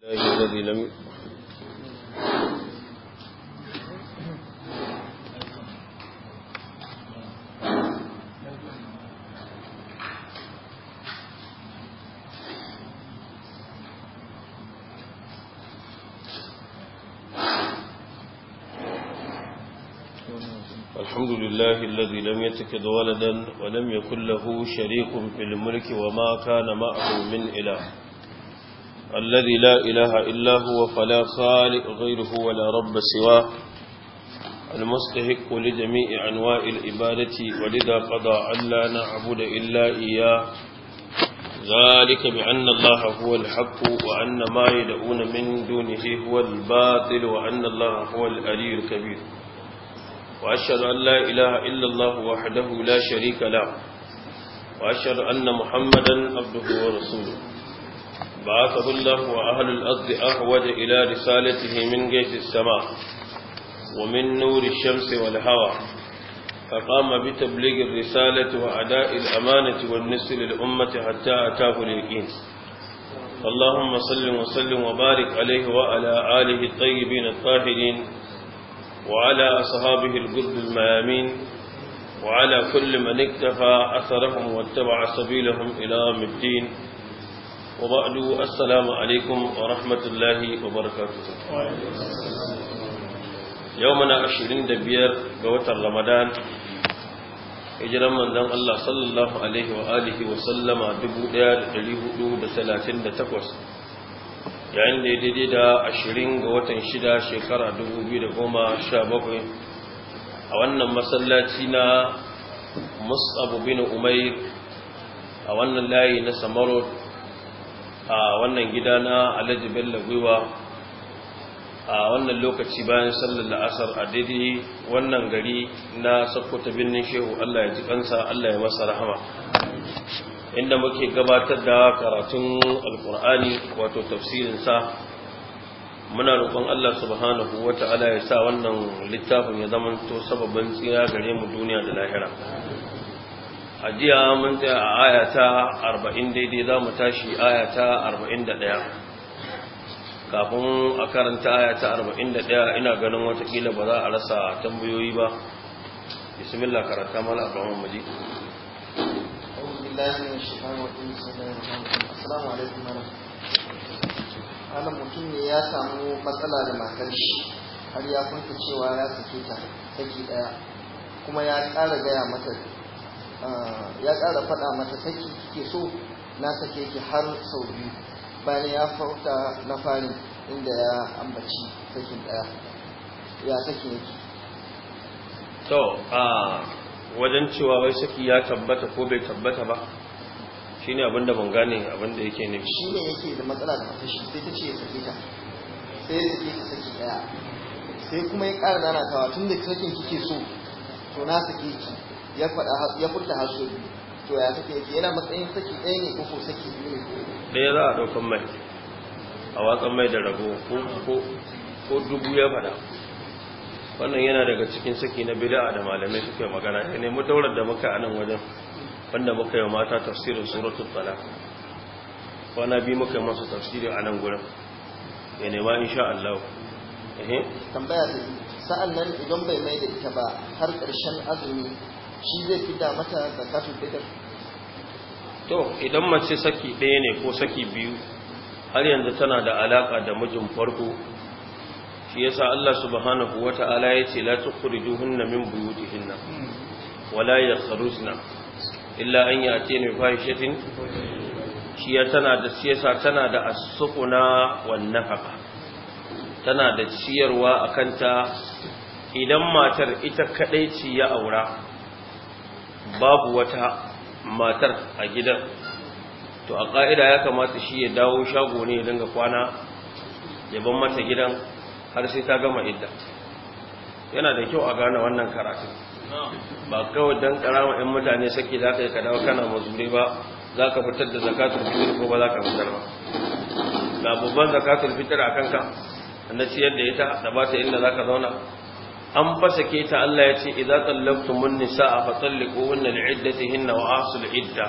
الله الذي لم الحمد لله الذي لم يتكد ولدا ولم يكن له شريك في الملك وما كان معه من إله الذي لا إله إلا هو فلا خالق غيره ولا رب سواه المستحق لجميع أنواع العبادة ولذا قضى ألا نعبد إلا إياه ذلك بأن الله هو الحق وأن ما يدعون من دونه هو الباطل وأن الله هو الألي الكبير وأشهد أن لا إله إلا الله وحده لا شريك له وأشهد أن محمدا عبده ورسوله بعثه الله وأهل الأرض أحوج إلى رسالته من جيش السماء ومن نور الشمس والهوى فقام بتبليغ الرسالة وأداء الأمانة والنسل للأمة حتى أتاه اليقين اللهم صل وسلم وبارك عليه وعلى آله الطيبين الطاهرين وعلى أصحابه الغر الميامين وعلى كل من اكتفى أثرهم واتبع سبيلهم إلى الدين وبعد السلام عليكم ورحمة الله وبركاته يومنا عشرين دبير قوة رمضان hijiran manzon Allah sallallahu alaihi wa alihi wa sallama 1438 yayin da ya daidai da 20 ga watan 6 shekara 2017 a wannan masallaci na Mus'ab bin Umair a wannan layi na Samarot a wannan gida na alhaji bello gwiwa a wannan lokaci bayan sallar la'asar a daidai wannan gari na sakkwata birnin shehu allah ya ji kansa allah ya masa rahama inda muke gabatar da karatun alkur'ani wato tafsirinsa muna roƙon allah subhanahu wa ta'ala ya sa wannan littafin ya zama to sababin tsira gare mu duniya da lahira ajiya mun tsaya a ayata arba'in daidai za mu tashi ayata arba'in da ɗaya kafin a karanta ayata arba'in da ɗaya ina ganin watakila ba za a rasa tambayoyi ba bismillah karanta mala abraham maji wannan mutum ne ya samu matsala da matar shi har ya kunta cewa ya sake ta saki daya kuma ya tsara gaya mata ya ƙara faɗa mata saki ke so na sake ki har sau biyu bayan ya fauta na farin inda ya ambaci sakin ɗaya ya sake yake to a wajen cewa wai saki ya tabbata ko bai tabbata ba shi ne abinda ban gane abinda yake ne shi ne yake da matsala da matashi sai ta ce ya sake ta sai ya sake ta saki ɗaya sai kuma ya ƙara nanatawa tun da sakin kike so to na sake ki ya faɗa ya furta hasu to ya take yake yana matsayin saki ɗaya ne ko saki biyu ne ya za a ɗaukan mai a watsan mai da rabo ko dubu ya faɗa wannan yana daga cikin saki na bida da malamai suke magana ya nemi daular da muka a nan wajen wanda muka yi mata tafsirin suratul talaq wana bi muka yi masa tafsiri a nan gurin ya nema insha Allah tambaya ta sa'an nan idan bai mai da ita ba har ƙarshen azumi shi zai da mata to idan mace saki ɗaya ne ko saki biyu har yanzu tana da alaƙa da mijin farko shi yasa Allah subhanahu wata'ala ce, la tukhrijuhunna min buyutihinna wala yakhrujna illa an ya'tina bi fahishatin shi ya tana da yasa tana da asquna wan nafaqa tana da ciyarwa akanta idan matar ita kadai ci ya aura babu wata matar a gidan to a ƙa'ida ya kamata shi ya dawo shago ne ya dinga kwana ya ban mata gidan har sai ta gama idda yana da kyau a gane wannan karatu ba kawai don karama 'yan mutane sake za ka yi ka kana mazure ba za ka fitar da zakatul fitar ko ba za ka fitar ba ga babban zakatul fitar a kanka na ciyar da ita da ba ta inda za ka zauna an fasake ta Allah ya ce idza tallaqtumun nisaa fa talliquhunna li'iddatihinna wa asul idda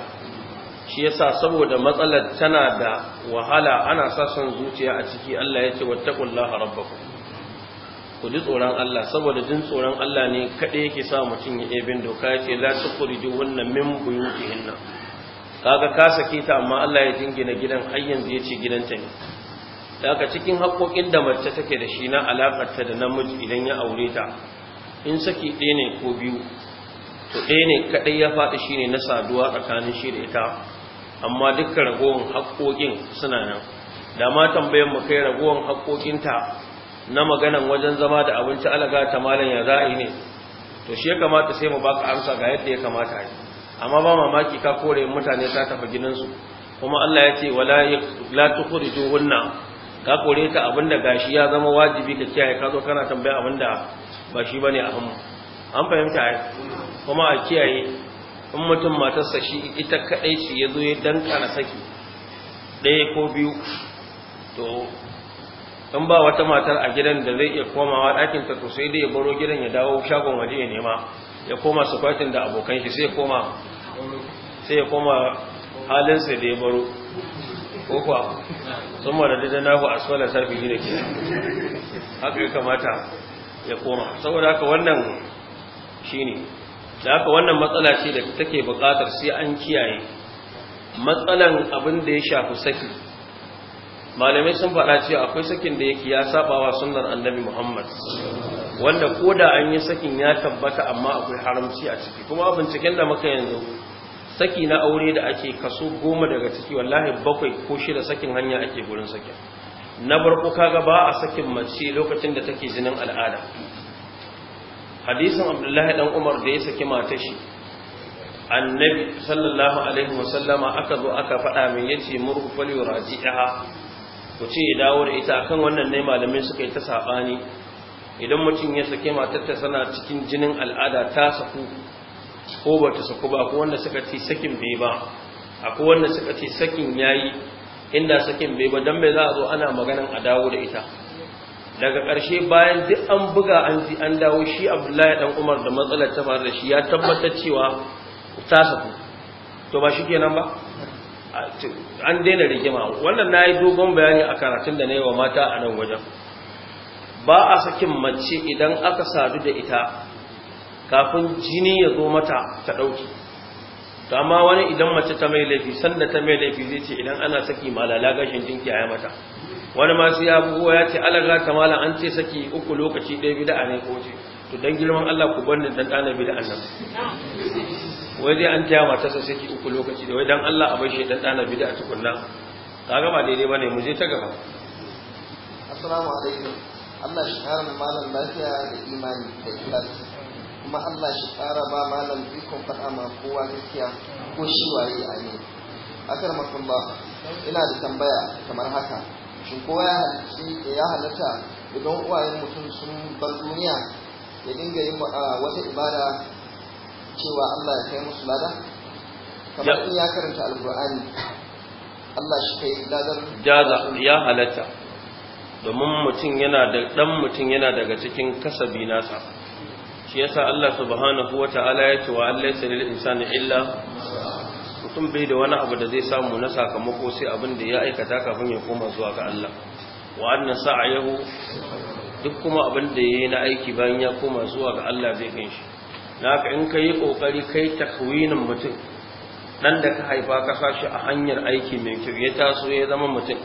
shi yasa saboda matsalar tana da wahala ana sa son zuciya a ciki Allah ya ce wattaqullaha rabbakum ku ji tsoron Allah saboda jin tsoron Allah ne kaɗai yake sa mutum ya ebin doka ya ce la wannan min buyutihinna kaga ka sake ta amma Allah ya jingina gidan har yanzu ya ce gidanta ne Daka cikin haƙoƙin da mace take da shi na ta da namiji idan ya aure ta in saki ɗaya ne ko biyu to ɗaya ne kaɗai ya faɗi shi ne na saduwa tsakanin shi da ita amma dukkan ragowar haƙoƙin suna nan da ma tambayan mu kai ragowar ta na maganan wajen zama da abinci alaga ta malam ya za'i ne to shi ya kamata sai mu baka amsa ga yadda ya kamata yi amma ba mamaki ka kore mutane ta tafi gidansu kuma Allah ya ce wala la tukhrijuhunna ka kore ta abinda gashi ya zama wajibi ka kiyaye ka zo kana tambaya abinda ba shi bane a hannu an fahimta ai kuma a kiyaye in mutum matarsa shi ita kadai ce ya zo ya danka na saki ɗaya ko biyu to in ba wata matar a gidan da zai iya komawa ɗakin ta to sai dai ya baro gidan ya dawo shagon waje ya nema ya koma sufatin da abokan shi sai ya koma sai ya koma halinsa da ya baro ko kuwa sun mara da nahu a tsola sarfi ne ke haka kamata ya koma saboda haka wannan shi ne da haka wannan matsala ce da take bukatar sai an kiyaye matsalan abin da ya shafi saki malamai sun faɗa cewa akwai sakin da yake ya saba wa sunnar annabi muhammad wanda ko da an yi sakin ya tabbata amma akwai haramci a ciki kuma binciken da muka yanzu saki na aure da ake kaso goma daga ciki wallahi bakwai ko shida sakin hanya ake gurin sakin na barko kaga ba a sakin mace lokacin da take jinin al'ada hadisin abdullahi dan umar da ya saki mata shi annabi sallallahu alaihi wasallama aka zo aka faɗa mai yace murhu fali raji'a ku ce ya dawo da ita akan wannan ne malamin suka yi ta sabani idan mutum ya sake matar ta sana cikin jinin al'ada ta saku ko ba ta saku ba ko wanda suka ce sakin bai ba akwai wanda suka ce sakin yayi inda sakin bai ba dan bai za a zo ana maganan a dawo da ita daga ƙarshe bayan duk an buga an ji an dawo shi Abdullahi dan Umar da matsalar ta faru da shi ya tabbatar cewa ta saku to ba shi kenan ba an daina rigima wannan nayi dogon bayani a karatun da na yi wa mata a nan wajen ba a sakin mace idan aka sadu da ita kafin jini ya zo mata ta ɗauki to amma wani idan mace ta mai laifi sanda ta mai laifi zai ce idan ana saki malala gashin jinki a mata wani ma sai ya bugo ya ce alaga ta mala an ce saki uku lokaci ɗaya bid'a ne ko ce to dan girman Allah ku bani dan dana bid'a nan wai dai an taya matarsa saki uku lokaci da wai dan Allah a bar shi dan dana bid'a tukunna kaga ba daidai bane mu je ta gaba assalamu alaikum Allah shi kare malam lafiya da imani da ikhlasi kuma Allah shi tsara ba malam ikon faɗa ma kowa gaskiya ko shi waye a ne akar ba ina da tambaya kamar haka shin kowa ya halarci ya halarta idan uwayen mutum sun bar duniya ya dinga yin ah, wata ibada cewa Allah ya kai musu lada kamar in ya karanta alqur'ani Allah shi kai ladar jaza ya halatta domin mutum yana da dan mutum yana daga cikin kasabi nasa shi yasa Allah subhanahu wata'ala ya ce wa Allah sai lil insani illa mutum bai da wani abu da zai samu na sakamako sai abin da ya aikata kafin ya koma zuwa ga Allah wa anna sa'ayahu duk kuma abin da yayi na aiki bayan ya koma zuwa ga Allah zai kai shi naka in kai kokari kai takwinin mutum dan da ka haifa ka sashi a hanyar aiki mai kyau ya taso ya zama mutum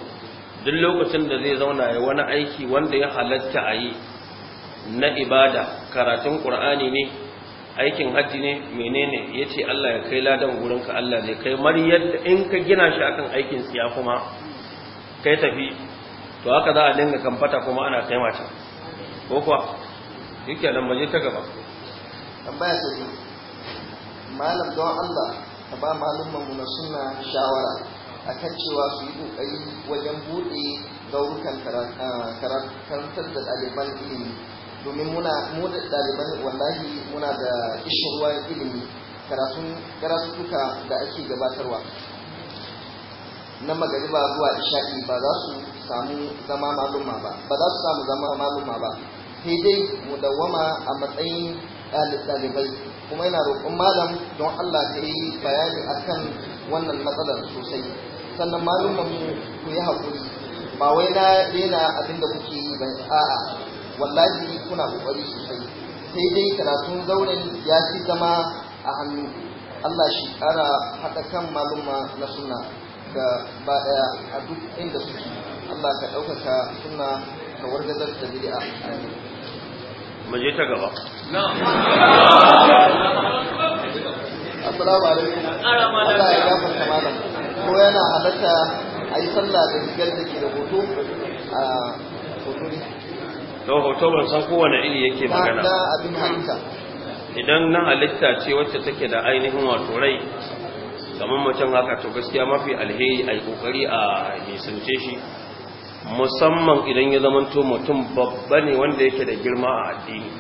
duk lokacin da zai zauna ya wani aiki wanda ya halatta a yi na ibada karatun qur'ani ne aikin hajji ne menene yace Allah ya kai ladan gurin ka Allah zai kai maryar da in ka gina shi akan aikin tsiya kuma kai tafi to haka za a dinga kamfata kuma ana kai mata ko kuwa yake nan maje ta gaba tambaya sai malam don Allah ka ba malumman mu na suna shawara akan cewa su yi kokari wajen bude gaurukan karantar da ɗaliban ilimi domin muna mu da ɗaliban wallahi muna da ishirwa ilimi karatun karatuka da ake gabatarwa na magariba zuwa isha'i ba za su samu zama maluma ba ba za su samu zama maluma ba sai dai mu dawama a matsayin ɗalibai kuma yana roƙon malam don Allah ta yi bayani akan wannan matsalar sosai sannan malumanmu ku yi haƙuri ba wai na daina abinda kuke yi ba a'a wallahi kuna kokari sosai sai dai karatun zauren ya fi zama a hannu Allah shi ƙara haɗa kan maluma na suna ga ba ɗaya a duk inda suke Allah ka ɗaukaka suna ka wargazar da bid'a amin mu je ta gaba assalamu alaikum Allah ya gafarta malam ko yana halatta a yi sallah da rigar da ke da hoto a hoto don hoto ban san kowane iri yake magana idan nan halitta ce wacce take da ainihin wato rai kamar mutum haka to gaskiya mafi alheri a kokari a nisance shi musamman idan ya zamanto mutum babba ne wanda yake da girma a addini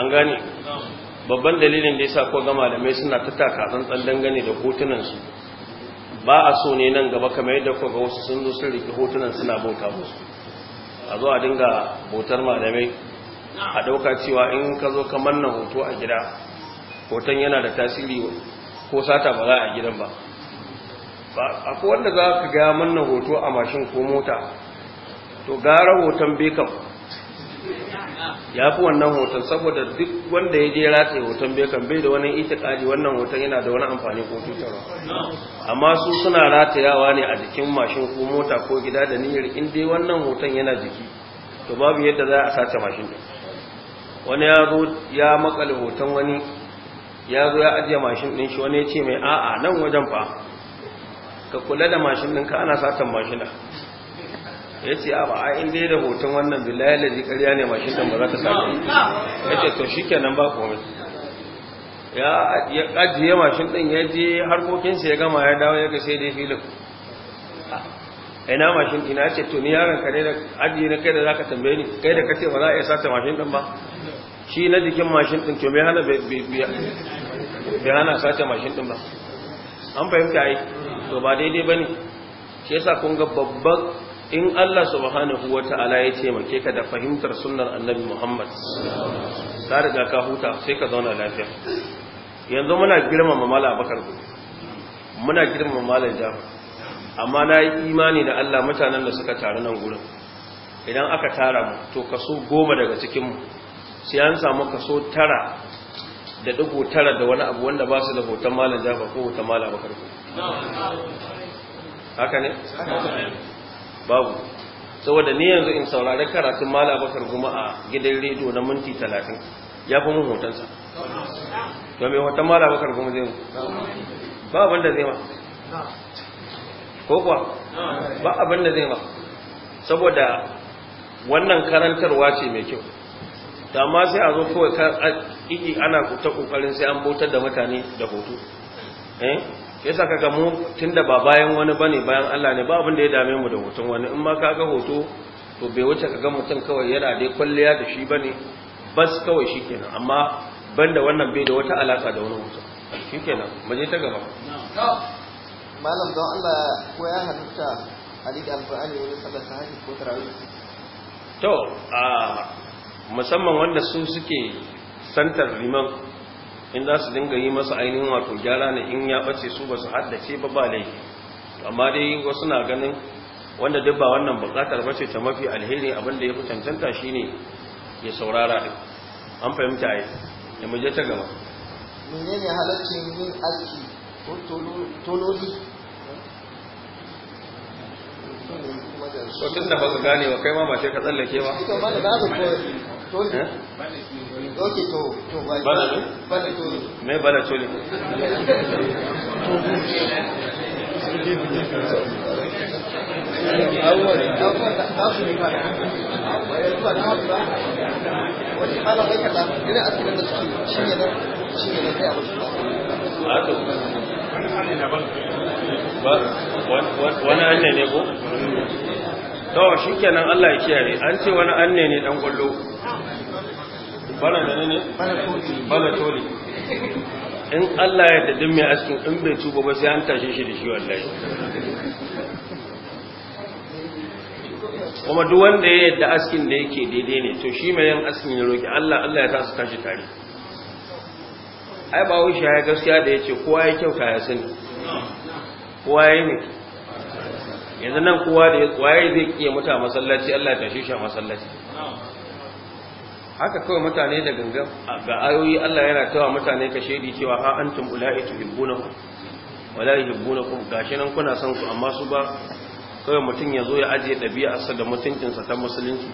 an gane babban dalilin da ya sa ko ga malamai suna ta taka tsantsan dangane da hotunansu ba a so ne nan gaba kamar yadda ko ga wasu sun zo sun rike hotunan suna bauta musu a zuwa dinga hotar malamai a ɗauka cewa in ka zo ka manna hoto a gida hoton yana da tasiri ko sata ba za a gidan ba akwai wanda za ka gaya manna hoto a mashin ko mota to gara hoton bekam ya fi wannan hoton saboda duk wanda ya je rataye hoton bai kan bai da wani itikadi wannan hoton yana da wani amfani ko cutarwa amma su suna ratayawa ne a jikin mashin ko mota ko gida da niyyar in dai wannan hoton yana jiki to babu yadda za a sace mashin din wani ya zo ya makale hoton wani ya zo ya ajiye mashin din shi wani ya ce mai a'a nan wajen fa ka kula da mashin ɗinka ana satan mashina ya ce a ba inda dai da hoton wannan billahi lalji ƙarya ne mashin da ba za ta samu ya ce to shi nan ba komai ya ajiye mashin ɗin ya je harkokinsa ya gama ya dawo ya ga sai dai filin ina mashin ina ce to ni yaron ka ne da ajiye na kai da za ka tambaye ni kai da kace ba za a iya sata mashin ɗin ba shi na jikin mashin ɗin to me hana bai hana sata mashin ɗin ba an fahimta yi to ba daidai ba ne shi yasa kun ga babban in Allah subhanahu wa ta'ala ya ce taimake ka da fahimtar sunnar annabi Muhammad ta riga ka huta sai ka zauna lafiya yanzu muna girmama a bakar ku muna girmama mala jafar amma na yi imani da Allah mutanen da suka taru nan gurin idan aka tara mu to kaso goma daga cikinmu mu sai an samu kaso tara da dubu tara da wani abu wanda ba su da hoton malam jafa ko hoton malam bakar ku haka ne babu saboda ni yanzu in saurari karatun mala bakar kuma a gidan rediyo na minti talatin ya fi mun hotonsa to mai hoton mala bakar kuma zai ba abin da zai ma ko kuwa ba abin da zai ma saboda wannan karantarwa ce mai kyau da ma sai a zo kawai iki ana ta kokarin sai an bautar da mutane da hoto eh yasa kaga mu tunda ba bayan wani bane bayan Allah ne ba abin da ya dame mu da hoton wani in ma kaga hoto to bai wuce ka ga mutum kawai yana dai kwalliya da shi bane bas kawai shikenan amma banda wannan bai da wata alaka da wani hoton shikenan mu je ta gaba malam don Allah ko ya halitta a al alfa'ani wani sallar sahaji ko tarawih to a musamman wanda su suke santar liman in za su dinga yi masa ainihin wato gyara ne in ya bace su ba su haddace ba ba laifi amma dai wasu na ganin wanda duk ba wannan bukatar ce ta mafi alheri abin da ya fi cancanta ne ya saurara ɗin an fahimta ai ya muje ta gaba ne halaccin yin aski ko tololi so tun da ba su gane wa kai ma ba ce ka tsallake ba toli oke to wani anne ne ko? to shi kenan Allah ya kiyaye an ce wani anne ne dan kwallo bana da ne bana toli in Allah ya da dimme askin in bai tuba ba sai an tashi shi da shi wallahi kuma duk wanda ya yadda askin da yake daidai ne to shi mai yin askin ya roki Allah Allah ya ta su tashi tare ai ba wuce ya gaskiya da yace kowa ya kyauta ya sani kowa ya ne yanzu nan kowa da ya zai iya mutane masallaci Allah ya tashi shi a masallaci haka kawai mutane da gangan ga ayoyi Allah yana cewa mutane ka shaidi cewa ha antum ula'i tuhibbunakum wala yuhibbunakum gashi nan kuna son su amma su ba kawai mutum ya zo ya ajiye ɗabi'arsa da mutuncinsa ta musulunci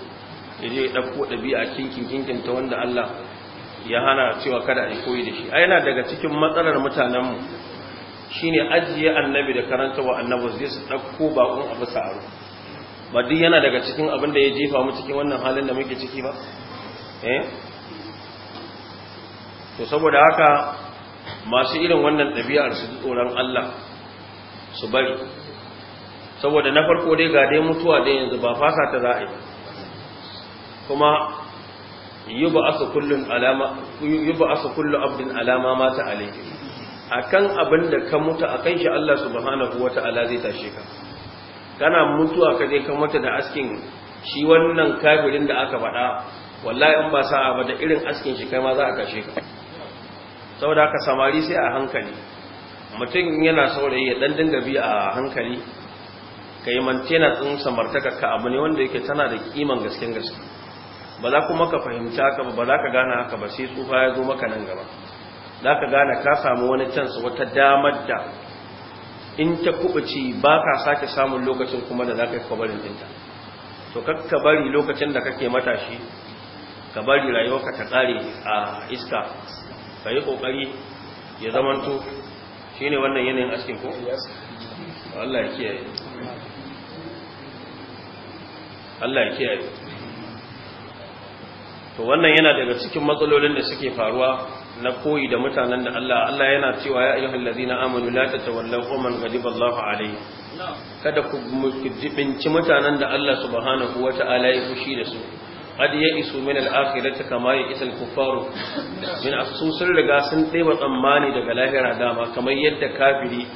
yaje ya ɗauko ɗabi'a kinkin kinkin ta wanda Allah ya hana cewa kada a koyi da shi a yana daga cikin matsalar mutanenmu shine ajiye annabi da karanta wa annabi zai su ba baƙon abu sa'aru ba duk yana daga cikin abin da ya jefa mu cikin wannan halin da muke ciki ba eh to saboda haka masu irin wannan ɗabi'ar su tsoron Allah su bari saboda na farko dai ga dai mutuwa dai yanzu ba fasa ta za a yi kuma yi ba asa kullum abin alama mata laifin, a kan abin da ka mutu a kan shi Allah subhanahu wa ta'ala zai tashe ka kana mutuwa ka je kan wata da askin shi wannan kafirin da aka faɗa wallahi in ba sa'a ba da irin askin shi kai ma za a kashe ka saboda ka samari sai a hankali mutum yana saurayi ya dan dinga bi a hankali ka yi mantena ɗin samartaka ka abu ne wanda yake tana da kiman gasken gaske ba za kuma ka fahimci haka ba za ka gane haka ba sai tsufa ya zo maka nan gaba za ka gane ka samu wani cans wata damar da in ta kubuci ba ka sake samun lokacin kuma da za ka yi kwabarin dinta to kakka bari lokacin da kake matashi ka bari rayuwarka ta kare a iska ka yi kokari ya zamanto shine wannan yanayin askin ko Allah ya kiyaye Allah ya kiyaye to wannan yana daga cikin matsalolin da suke faruwa na koyi da mutanen da Allah Allah yana cewa ya ayyuhal ladina amanu la tatawallaw qawman ghadiba Allahu alayhi kada ku jibinci mutanen da Allah subhanahu wata'ala ya fushi da su قد ya'isu min الآخرة كما kama الكفار من أخصوص min asusun riga sun daiba tsammani daga lahira dama kamar yadda kafiri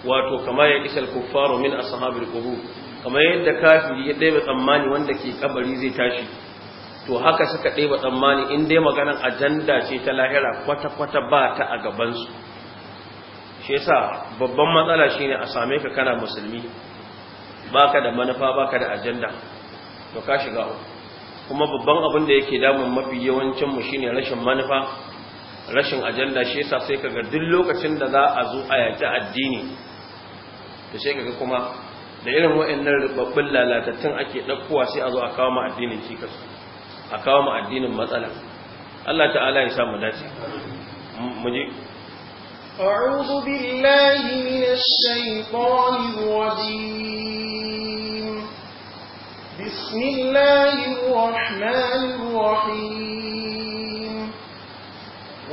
wato kama ya'isa al-kuffar min ashabil qubur kamar yadda kafiri ya daiba tsammani wanda ke kabari zai tashi to haka suka ɗeba tsammani in dai maganar ajanda ce ta lahira kwata kwata ba ta a gabansu. shi yasa babban matsala shi ne a same ka kana musulmi Ba ka da manufa ba ka da ajanda to ka shiga kuma babban abin da yake damun mafi yawancin mu shine rashin manufa rashin ajanda shi yasa sai kaga duk lokacin da za a zo a yaki addini to sai kaga kuma da irin waɗannan rubabbin lalatattun ake dakkuwa sai a zo a kawo mu addinin cikas a kawo mu addinin matsala Allah ta'ala ya sa mu dace mu je أعوذ بالله من الشيطان الرجيم بسم الله الرحمن الرحيم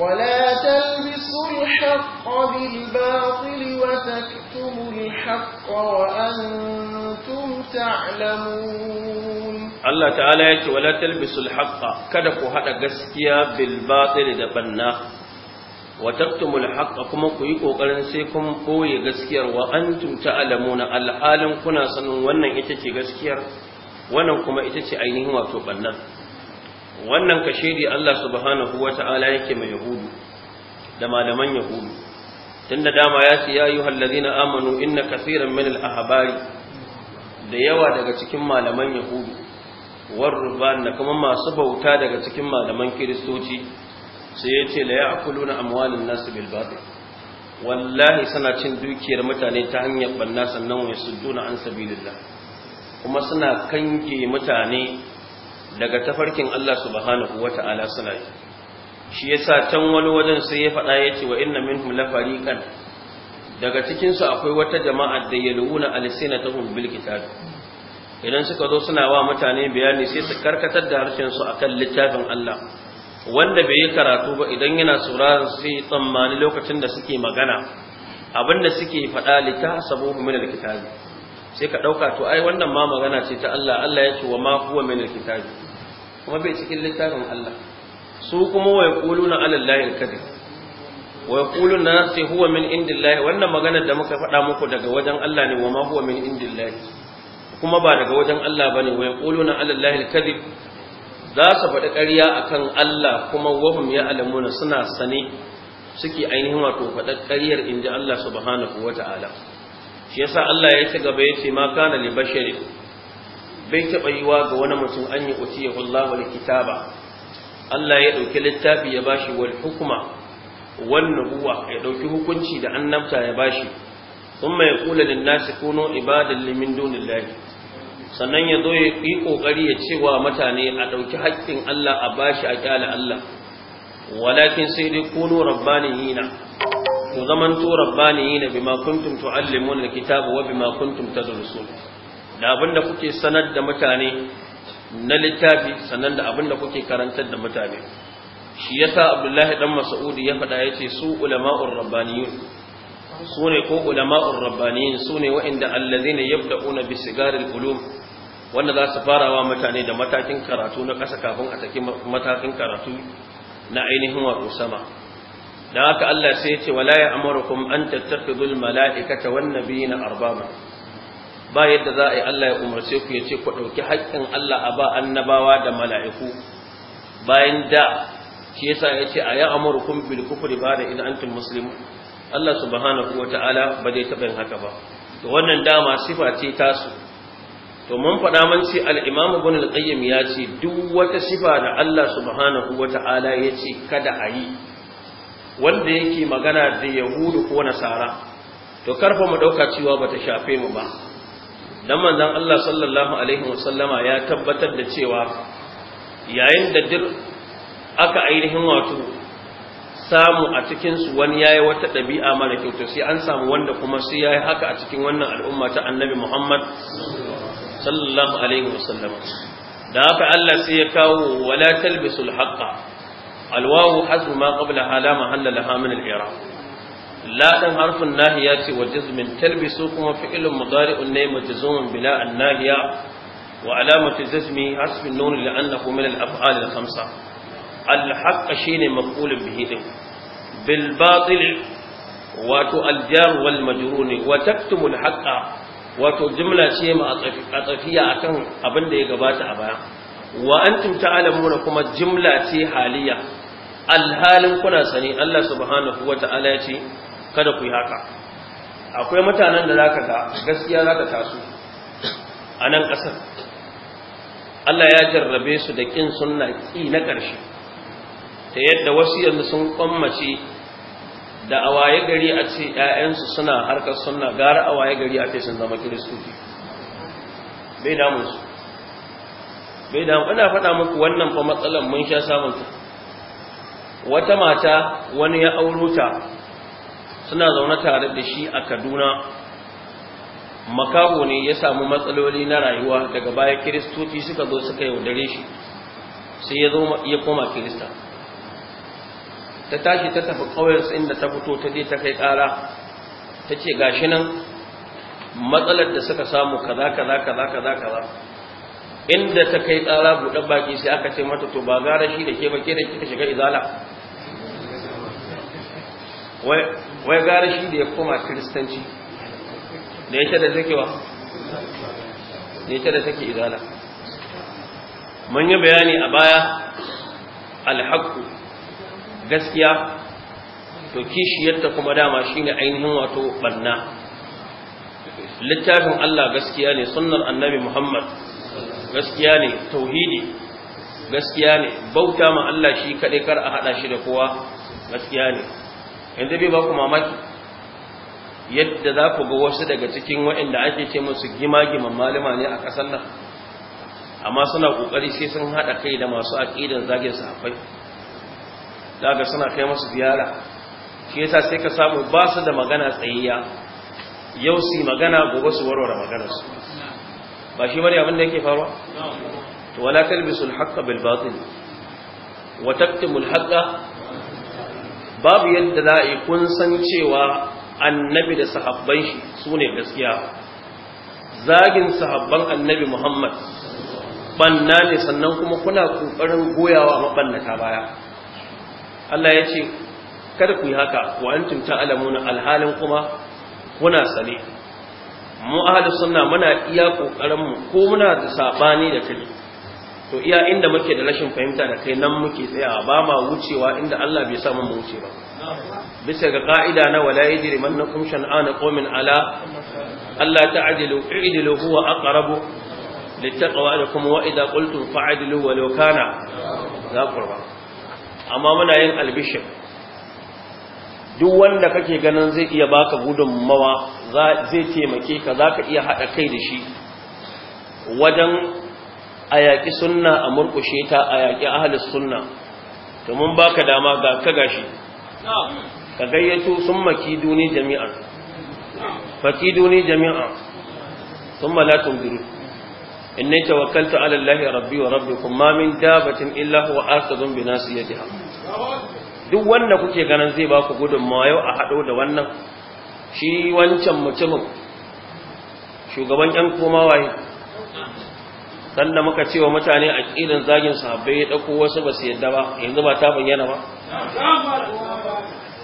ولا تلبسوا الحق بالباطل وتكتموا الحق وأنتم تعلمون الله تعالى يقول ولا تلبسوا الحق كدك هذا قسكيا بالباطل دبنا وتكتموا الحق كما كيكو قرن سيكم قوي قسكيا وأنتم تعلمون الحال كنا سنوانا إتتي قسكيا wannan kuma ita ce ainihin wato bannan wannan da Allah subhanahu Ta'ala yake mai yahudu da malaman yahudu tunda dama ya ce ya ayyuhal ladina amanu inna kaseeran min al ahbari da yawa daga cikin malaman yahudu war da kuma masu bauta daga cikin malaman kiristoci sai ya ce la ya'kuluna amwalin nas bil batil wallahi sana cin dukiyar mutane ta hanyar banna sannan wa an sabilillah kuma suna kanke mutane daga tafarkin Allah subhanahu ta’ala suna yi shi sa, can wani wajen sai ya faɗa ya ce wa inna minhum la fariqan daga cikinsu akwai wata jama'a da ya luna alisina ta bil kitab idan suka zo suna wa mutane bayani sai su karkatar da harshen a kan littafin Allah wanda bai yi karatu ba idan yana sauraron sai tsammani lokacin da suke magana abinda suke faɗa litasabuhu min al-kitab sai ka ɗauka to ai wannan ma magana ce ta Allah Allah ya ce wa ma huwa min alkitabi kuma bai cikin littafin Allah su kuma wa yaquluna ala allahi alkadhib wa yaquluna sai huwa min indillahi wannan magana da muka faɗa muku daga wajen Allah ne wa ma huwa min indillahi kuma ba daga wajen Allah bane wa yaquluna ala allahi alkadhib za su faɗi ƙarya akan Allah kuma wahum ya alamuna suna sane suke ainihin wato faɗar ƙaryar inji Allah subhanahu wata'ala shi yasa Allah ya ci gaba yace ma kana li bashari bai taba yiwa ga wani mutum an yi utiyahu Allah wal kitaba Allah ya dauki littafi ya bashi wal hukuma. wan nubuwa ya dauki hukunci da annabta ya bashi thumma yaqulu lin nasi kunu ibadan limin dunillahi sannan ya zo ya yi kokari ya cewa mutane a dauki haƙƙin Allah a bashi a kyale Allah walakin sai dai kunu rabbaniyina ku zaman to rabbaniyina bima kuntum tuallimuna alkitaba wa bima da abinda kuke sanar da mutane na littafi sannan da abinda kuke karantar da mutane shi yasa abdullahi dan mas'udi ya faɗa yace su ulama'ur rabbaniyun su ne ko ulama'ur rabbaniyun su ne wa'inda allazina yabda'una bi sigaril qulub wanda za su farawa mutane da matakin karatu na kasa kafin a saki matakin karatu na ainihin wato sama dan haka Allah sai ya ce wala ya'murukum an tattakhidul mala'ikata wan nabiyina arbaba ba yadda za a yi Allah ya umarce ku ya ce ku dauki haƙƙin Allah a ba annabawa da mala'iku bayan da shi yasa ya ce a ya amurkum bil kufri ba da idan antum muslimun Allah subhanahu wata'ala ba zai taɓa yin haka ba to wannan dama sifa ce tasu to mun faɗa mun ce al-Imam Ibn al-Qayyim ya ce duk wata sifa da Allah subhanahu wata'ala ya ce kada a yi wanda yake magana da Yahudu ko Nasara to karfa mu dauka cewa bata shafe mu ba dan manzon Allah sallallahu alaihi wasallama ya tabbatar da cewa yayin da duk aka ainihin wato samu a cikinsu wani yayi wata ɗabi'a mara kyau to sai an samu wanda kuma sai yayi haka a cikin wannan al'umma ta annabi Muhammad sallallahu alaihi wasallam da haka Allah sai ya kawo wala talbisul haqqa alwawu hazfu ma qabla hala mahalla laha min al-i'rab la dan harfun nahiya ce wa jazmin talbisu kuma fi'lun mudari'un ne majzumun bila an-nahiya wa alamatu jazmi hasbi an-nun li'annahu min al-af'al al-khamsa al shine maf'ulun bihi din bil batil wato al-jar wal majrur wa taktumu al wato jimla ce ma a tsafiya akan abin da ya gabata a baya wa antum ta'lamuna kuma jimla ce haliya alhalin kuna sani Allah subhanahu wata'ala ya ce kada ku yi haka akwai mutanen da zaka ga gaskiya zaka taso a nan ƙasar Allah ya jarrabe su da kin sunna ki na ƙarshe ta yadda wasu yanzu sun kwammace da a waye gari a ce ‘ya'yansu suna harkar suna gara a waye gari a ce sun zama kiristoci bai damunsu bai damu ina faɗa muku wannan fa matsalar mun sha samunta wata mata wani ya auro suna zaune tare da shi a kaduna makaho ne ya samu matsaloli na rayuwa daga baya kiristoci suka zo suka yaudare shi sai ya ya koma kirista ta tashi ta tafi ƙauyensu inda ta fito ta je ta kai kara ta ce gashi nan matsalar da suka samu kaza kaza kaza kaza kaza inda ta kai kara buɗe baki sai aka ce mata to ba gara shi da ke ba ke da kika shiga izala wai gara shi da ya koma kiristanci da yake da zakewa da yake da take izala mun yi bayani a baya alhaku gaskiya to kishiyarta kuma dama shine ainihin wato banna littafin Allah gaskiya ne sunnar annabi Muhammad gaskiya ne tauhidi gaskiya ne bauta ma Allah shi kaɗai kar a haɗa shi da kowa gaskiya ne yanzu bai ba ku mamaki yadda za ku ga wasu daga cikin waɗanda ake ce musu gima-giman malama ne a ƙasar nan amma suna ƙoƙari sai sun haɗa kai da masu aƙidan zagin akwai. daga suna kai masu ziyara shi yasa sai ka samu ba su da magana tsayayya yau su magana gobe su warware magana su ba shi bari abin da yake faruwa to wala talbisul haqqa bil batil wa taktimul babu yadda za a yi kun san cewa annabi da sahabban shi su ne gaskiya zagin sahabban annabi muhammad banna ne sannan kuma kuna kokarin goyawa mabannata baya Allah ya ce kada ku yi haka wa alamu na alhalin kuma kuna sane mu ahli sunna muna iya kokarin mu ko muna da saɓani da kai to iya inda muke da rashin fahimta da kai nan muke tsayawa ba ma wucewa inda Allah bai sa mu wuce ba bisa ga ƙa'ida na wala na mannakum ana qawmin ala Allah ta'dilu i'dilu huwa aqrabu littaqwa da kuma idza qultum fa'dilu walau kana za qurba amma muna yin albishin duk wanda kake ganin zai iya baka gudunmawa zai taimake ka zaka iya haɗa kai da shi wajen a yaƙi sunna a murƙushe ta a yaƙi ahalis sunna ta mun baka dama ga ka gashi ka gayyato sun maki duni jami'a. faki duni jami'a sun malatun duru inni ta ala allahi rabbi wa rabbi ma min dabatin illa huwa akhadhun bi duk wanda kuke ganin zai ba ku gudunmawa yau a hado da wannan shi wancan mutumin shugaban yan komawaye Sannan muka ce wa mutane aqidan zagin sahabbai ya dauko wasu ba su yadda ba yanzu ba ta bayyana ba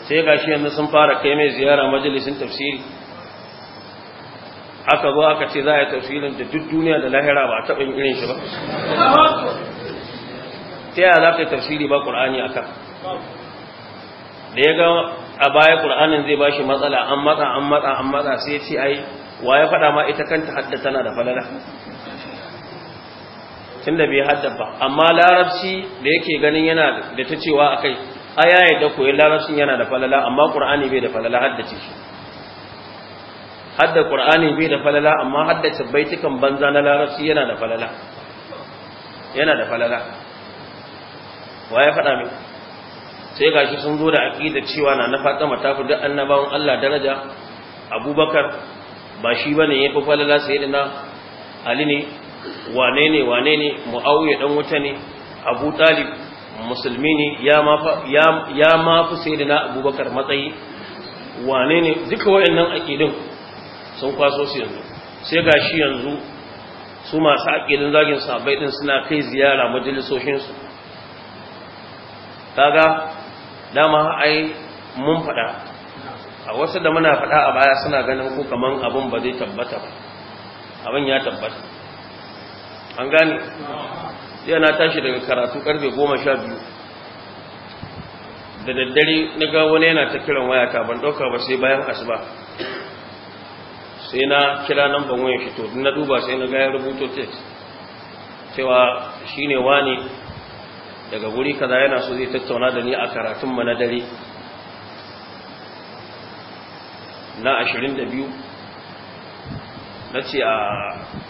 sai gashi yanzu sun fara kai mai ziyara majalisin tafsiri aka zo aka ce za a yi tafsirin da duk duniya da lahira ba a taɓa yin irin shi ba ta yaya za ka yi tafsiri ba ƙur'ani a kan da ya ga a baya ƙur'anin zai ba shi matsala an matsa an matsa an matsa sai ce ai wa ya faɗa ma ita kanta hadda tana da falala tun da bai hadda ba amma larabci da yake ganin yana da ta cewa a kai a ya da koyi larabcin yana da falala amma ƙur'ani bai da falala haddace shi hadda qur'ani bai da falala amma haddace baitukan banza na larabci yana da falala yana da falala wa ya faɗa min sai gashi sun zo da aqida cewa na na Fatima ta fi duk annabawan Allah daraja Abubakar ba shi bane yafi falala sayyidina Ali ne wane ne wane ne Muawiya dan wuta ne Abu Talib musulmi ne ya ma ya ma fi sayyidina Abubakar matsayi wane ne duka wayannan aqidin sun kwaso su yanzu sai ga shi yanzu su masu aƙilin zagin sabai ɗin suna kai ziyara majalisoshinsu Daga dama ai mun faɗa a wasu da muna faɗa a baya suna ganin ku kaman abin ba zai tabbata ba abin ya tabbata an gane na tashi daga karatu karfe goma sha biyu da daddare na ga wani yana ta kiran wayata ban ɗauka ba sai bayan asuba sai na kira namban wayan fito, to na duba sai na ga ya rubuto text cewa shine wani daga guri kaza yana so zai tattauna da ni a karatun mu na dare na 22 nace a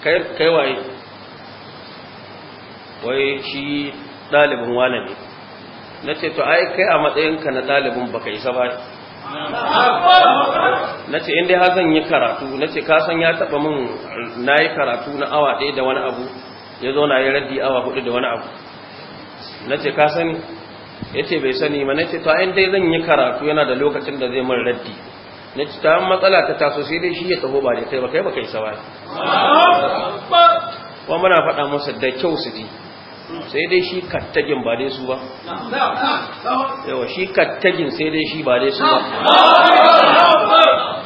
kai kai waye wai shi dalibin wani ne nace to ai kai a matsayinka na dalibin baka isa ba na ce inda ya zan yi karatu na ce kasan ya taɓa min na yi karatu na awa ɗaya da wani abu ya zo na yi raddi awa hudu da wani abu na ce ka sani ya ce bai sani ma na ce ta inda dai zan yi karatu yana da lokacin da zai min raddi na ce ta matsala ta taso sai dai shi ya taho ba da kai ba kai ba kai sawa kuma muna faɗa masa da kyau su ji sai dai shi kattagin ba dai su ba yawa shi kattagin sai dai shi ba dai su ba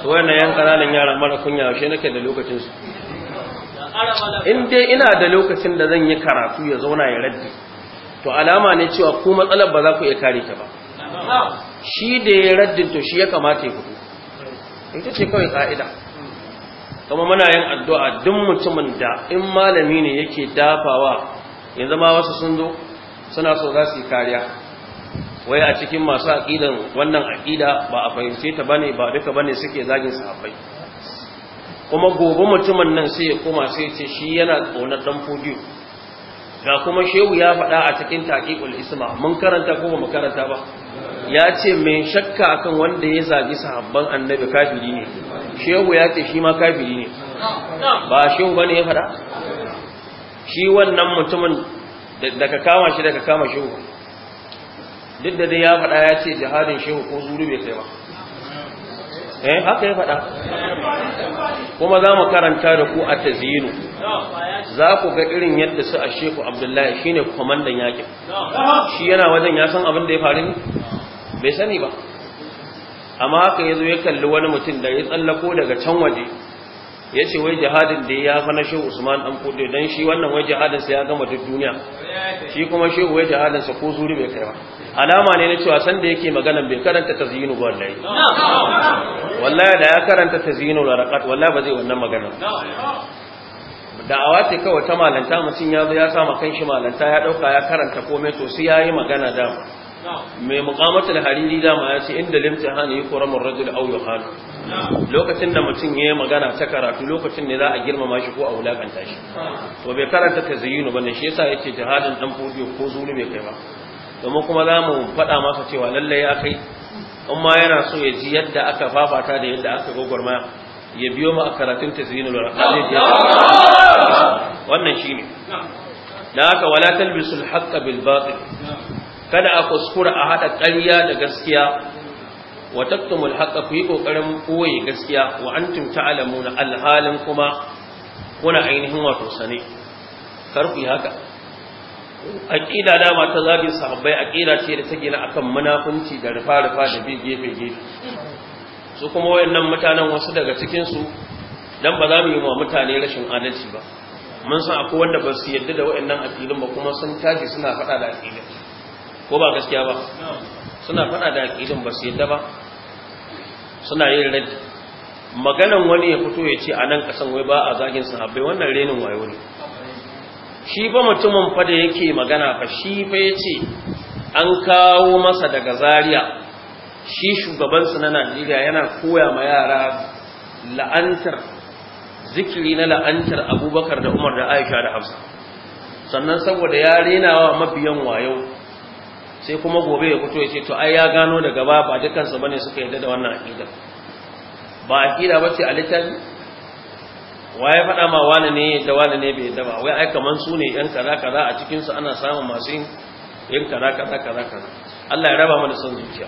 to wannan yan kananan yara mara kunya yaushe nake da lokacin su in dai ina da lokacin da zan yi karatu ya zauna ya raddi to alama ne cewa ku matsalar ba za ku iya kare ta ba shi da ya raddin to shi ya kamata ya fito ita ce kawai ka'ida kuma muna yin addu'a duk mutumin da in malami ne yake dafawa yanzu ma wasu sun zo suna so za su yi kariya wai a cikin masu aqidan wannan aƙida ba a fahimce ta bane ba duka bane suke zagin sahabbai kuma gobe mutumin nan sai ya koma sai ce shi yana ƙaunar dan fodiyo ga kuma shehu ya faɗa a cikin taqiqul isma mun karanta ko ba mu karanta ba ya ce mai shakka akan wanda ya zagi sahabban annabi kafiri ne shehu ya ce shi ma kafiri ne ba shehu bane ya faɗa shi wannan mutumin da ka kama shi da ka kama shehu duk da dai ya faɗa ya ce jihadin shehu ko zuru bai kai ba eh haka ya faɗa kuma za mu karanta da ku a tazinu za ku ga irin yadda su a shehu abdullahi shi ne kwamandan yakin shi yana wajen ya san abin da ya faru ne bai sani ba amma haka ya zo ya kalli wani mutum da ya tsallako daga can waje ya ce wai jihadin da ya fana na usman dan kudu dan shi wannan wai jihadin sa ya gama duk duniya shi kuma shi wai jihadin sa ko zuri bai kai ba alama ne na cewa san da yake magana bai karanta tazyinu ba wallahi wallahi da ya karanta tazyinu warqat wallahi ba zai wannan magana da'awa ce kawai ta malanta mutum ya zo ya makan shi malanta ya dauka ya karanta komai to sai yayi magana da mai muqamatul hariri da ma ya ce inda limtihani yuqramu rajul aw yuhanu lokacin da mutum ya yi magana ta karatu lokacin ne za a girmama shi ko a wulakanta shi to bai karanta ta zayinu ba ne shi yasa ya ce jihadin dan fodiyo ko zulu bai kai ba domin kuma za mu faɗa masa cewa lallai ya kai in ma yana so ya ji yadda aka fafata da yadda aka ma ya biyo ma a karatun ta zayinu lura wannan shi ne da haka wala talbisul haqqa bil kada a kuskura a haɗa ƙarya da gaskiya wa taktumul haqqa ku yi kokarin koye gaskiya wa antum ta'lamuna alhalin kuma kuna ainihin wato sane kar ku yi haka aqida dama ta zabi sahabbai aqida ce da ta na akan munafunci da rufa rufa da bi gefe gefe su kuma wayannan mutanen wasu daga cikin su dan ba za mu yi wa mutane rashin adalci ba mun san akwai wanda ba su yarda da wayannan aqidun ba kuma sun tashi suna faɗa da aqidun ko ba gaskiya ba suna faɗa da aqidun ba su yarda ba suna yin rai maganan wani ya fito ya ce a nan kasan wai ba a zagin sahabbai wannan renin wayo ne shi ba mutumin fada yake magana fa shi fa ya ce an kawo masa daga Zariya shi shugabansu na najeriya yana koya ma yara la'antar zikiri na la'antar abubakar da umar da aisha da hafsa sannan saboda ya renawa wa mabiyan wayo sai kuma gobe ya fito ya ce to ai ya gano daga ba ba dukansu bane suka yarda da wannan aqida ba aqida ce a littafi waye fada ma wani ne da wani ne bai daba wai ai kaman su ne yan kaza kaza a cikin su ana samun masu yin kaza kaza kaza kaza Allah ya raba mana son zuciya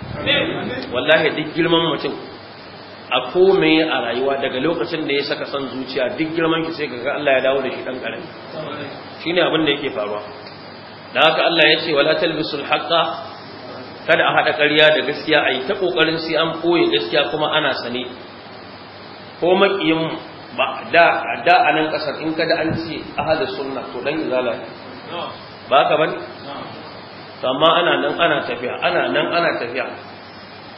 wallahi duk girman mutum a komai a rayuwa daga lokacin da ya saka son zuciya duk girman ki sai kaga Allah ya dawo da shi dan karami shine abin da yake faruwa da haka Allah ya ce wala talbisul haqqa kada a hada ƙarya da gaskiya ai ta kokarin sai an koye gaskiya kuma ana sane ko makiyin ba da da a nan kasar in kada an ce ahad sunna to dan izala ba ka bani amma ana nan ana tafiya ana nan ana tafiya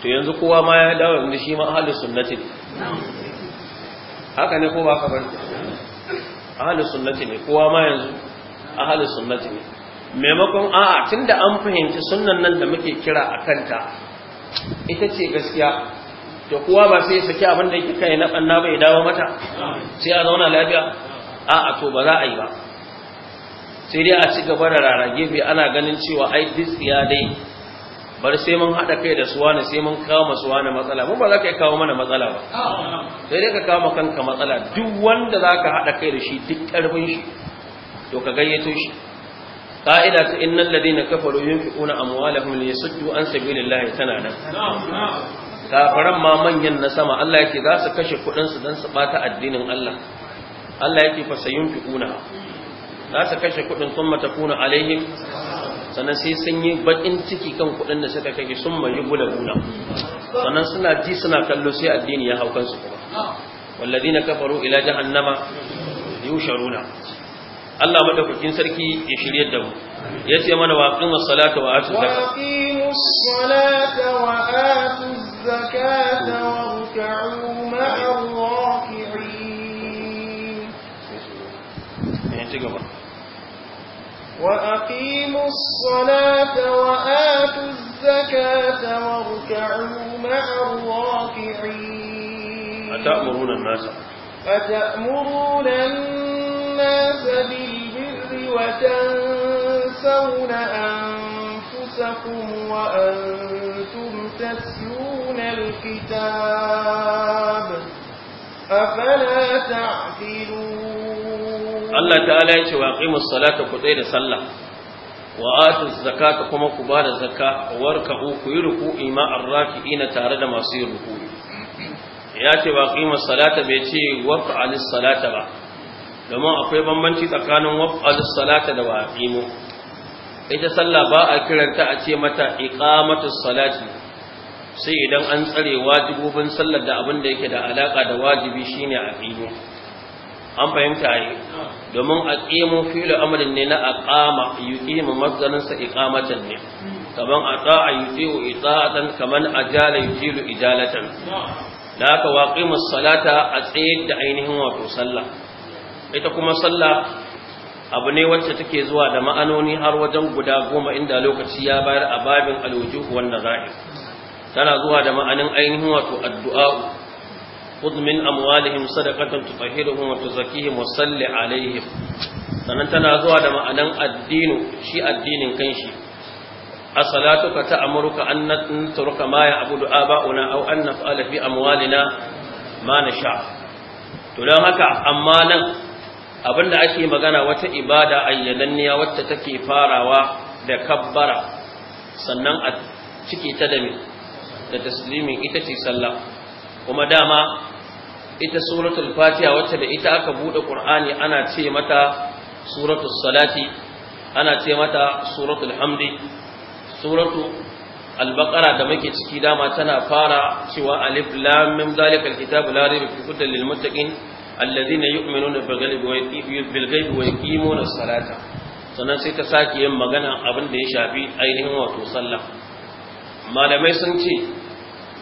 to yanzu kowa ma ya dawo yanzu shi ma ahlus sunnati haka ne ko ba ka bani ahlus sunnati ne kowa ma yanzu ahlus sunnati ne maimakon a'a da an fahimci sunan nan da muke kira a kanta ita ce gaskiya da kuwa ba sai saki abin da yake kai na banna bai dawo mata sai a zauna lafiya a'a to ba za a yi ba sai dai a ci gaba da rarage bi ana ganin cewa ai ya dai bar sai mun hada kai da suwa ne sai mun kawo masu wani matsala mun ba za ka yi kawo mana matsala ba sai dai ka kawo kanka matsala duk wanda za ka hada kai da shi duk karfin shi to ka gayyato shi ka'ida ta innal ladina kafaru yunfiquna a liyasuddu an sabilillahi tana nan kafaran ma manyan na sama Allah yake za su kashe kudin su dan su bata addinin Allah Allah yake fa sayunfiquna za su kashe kudin kuma takuna alaihim sannan sai sun yi bakin ciki kan kuɗin da suka kashe sun mai gula gula sannan suna ji suna kallo sai addinin ya haukan su kuma walladina kafaru ila jahannama yusharuna Allah madaukakin sarki ya shirya da mu yace mana wa aqimu salata wa atu zakata wa aqimu salata wa atu zakata wa ruk'u ma'a raki'in ne eh, ci gaba wa aqimu salata wa atu zakata wa ruk'u ma'a raki'in atamuruna an-nasa atamuruna an-nasa bil وتنسون أنفسكم وأنتم تتلون الكتاب أفلا تعقلون الله تعالى يقول وأقيموا الصلاة كتير صلى وآتوا الزكاة كما كبار الزكاة واركعوا كيركوا إيماء الراكعين تارد ما سيركوا ya ce ba ƙimar salata bai ce wafi alis salata ba domin akwai bambanci tsakanin waf'alus salata da waqimu ita sallah ba a kiranta a ce mata iqamatus salati sai idan an tsare wajibobin sallar da abin da yake da alaka da wajibi shine aqimu an fahimta yi domin aqimu fi'lu amrin ne na aqama yuqimu mazdarin sa iqamatan ne kaman ata'a yuti'u ita'atan kaman ajala yutilu ijalatan da aka waqimus salata a tsayar da ainihin wato sallah ita kuma sallah abu ne wacce take zuwa da ma'anoni har wajen guda goma inda lokaci ya bayar a babin alwujuh wan nazair tana zuwa da ma'anin ainihin wato addu'a khudh min amwalihim sadaqatan tutahhiruhum wa tuzakkihim wa salli alaihim sannan tana zuwa da ma'anan addinu shi addinin kanshi as-salatuka ta'muruka an natruka ma ya'budu aba'una aw an naf'ala fi amwalina ma nasha to dan haka amma nan da ake magana wata ibada ayyadanniya wacce take farawa da kabbara sannan a ciki ta da da taslimin ita ce sallah kuma dama ita suratul fatiha wacce da ita aka bude qur'ani ana ce mata suratul salati ana ce mata suratul hamdi suratul albaqara da muke ciki dama tana fara cewa alif lam mim zalikal kitabu la rayba fihi lil muttaqin allazina yu'minuna bil ghaibi wa yuqimuna bil ghaibi wa yuqimuna as-salata sannan sai ta sake yin magana abin da ya shafi ainihin wato sallah malamai sun ce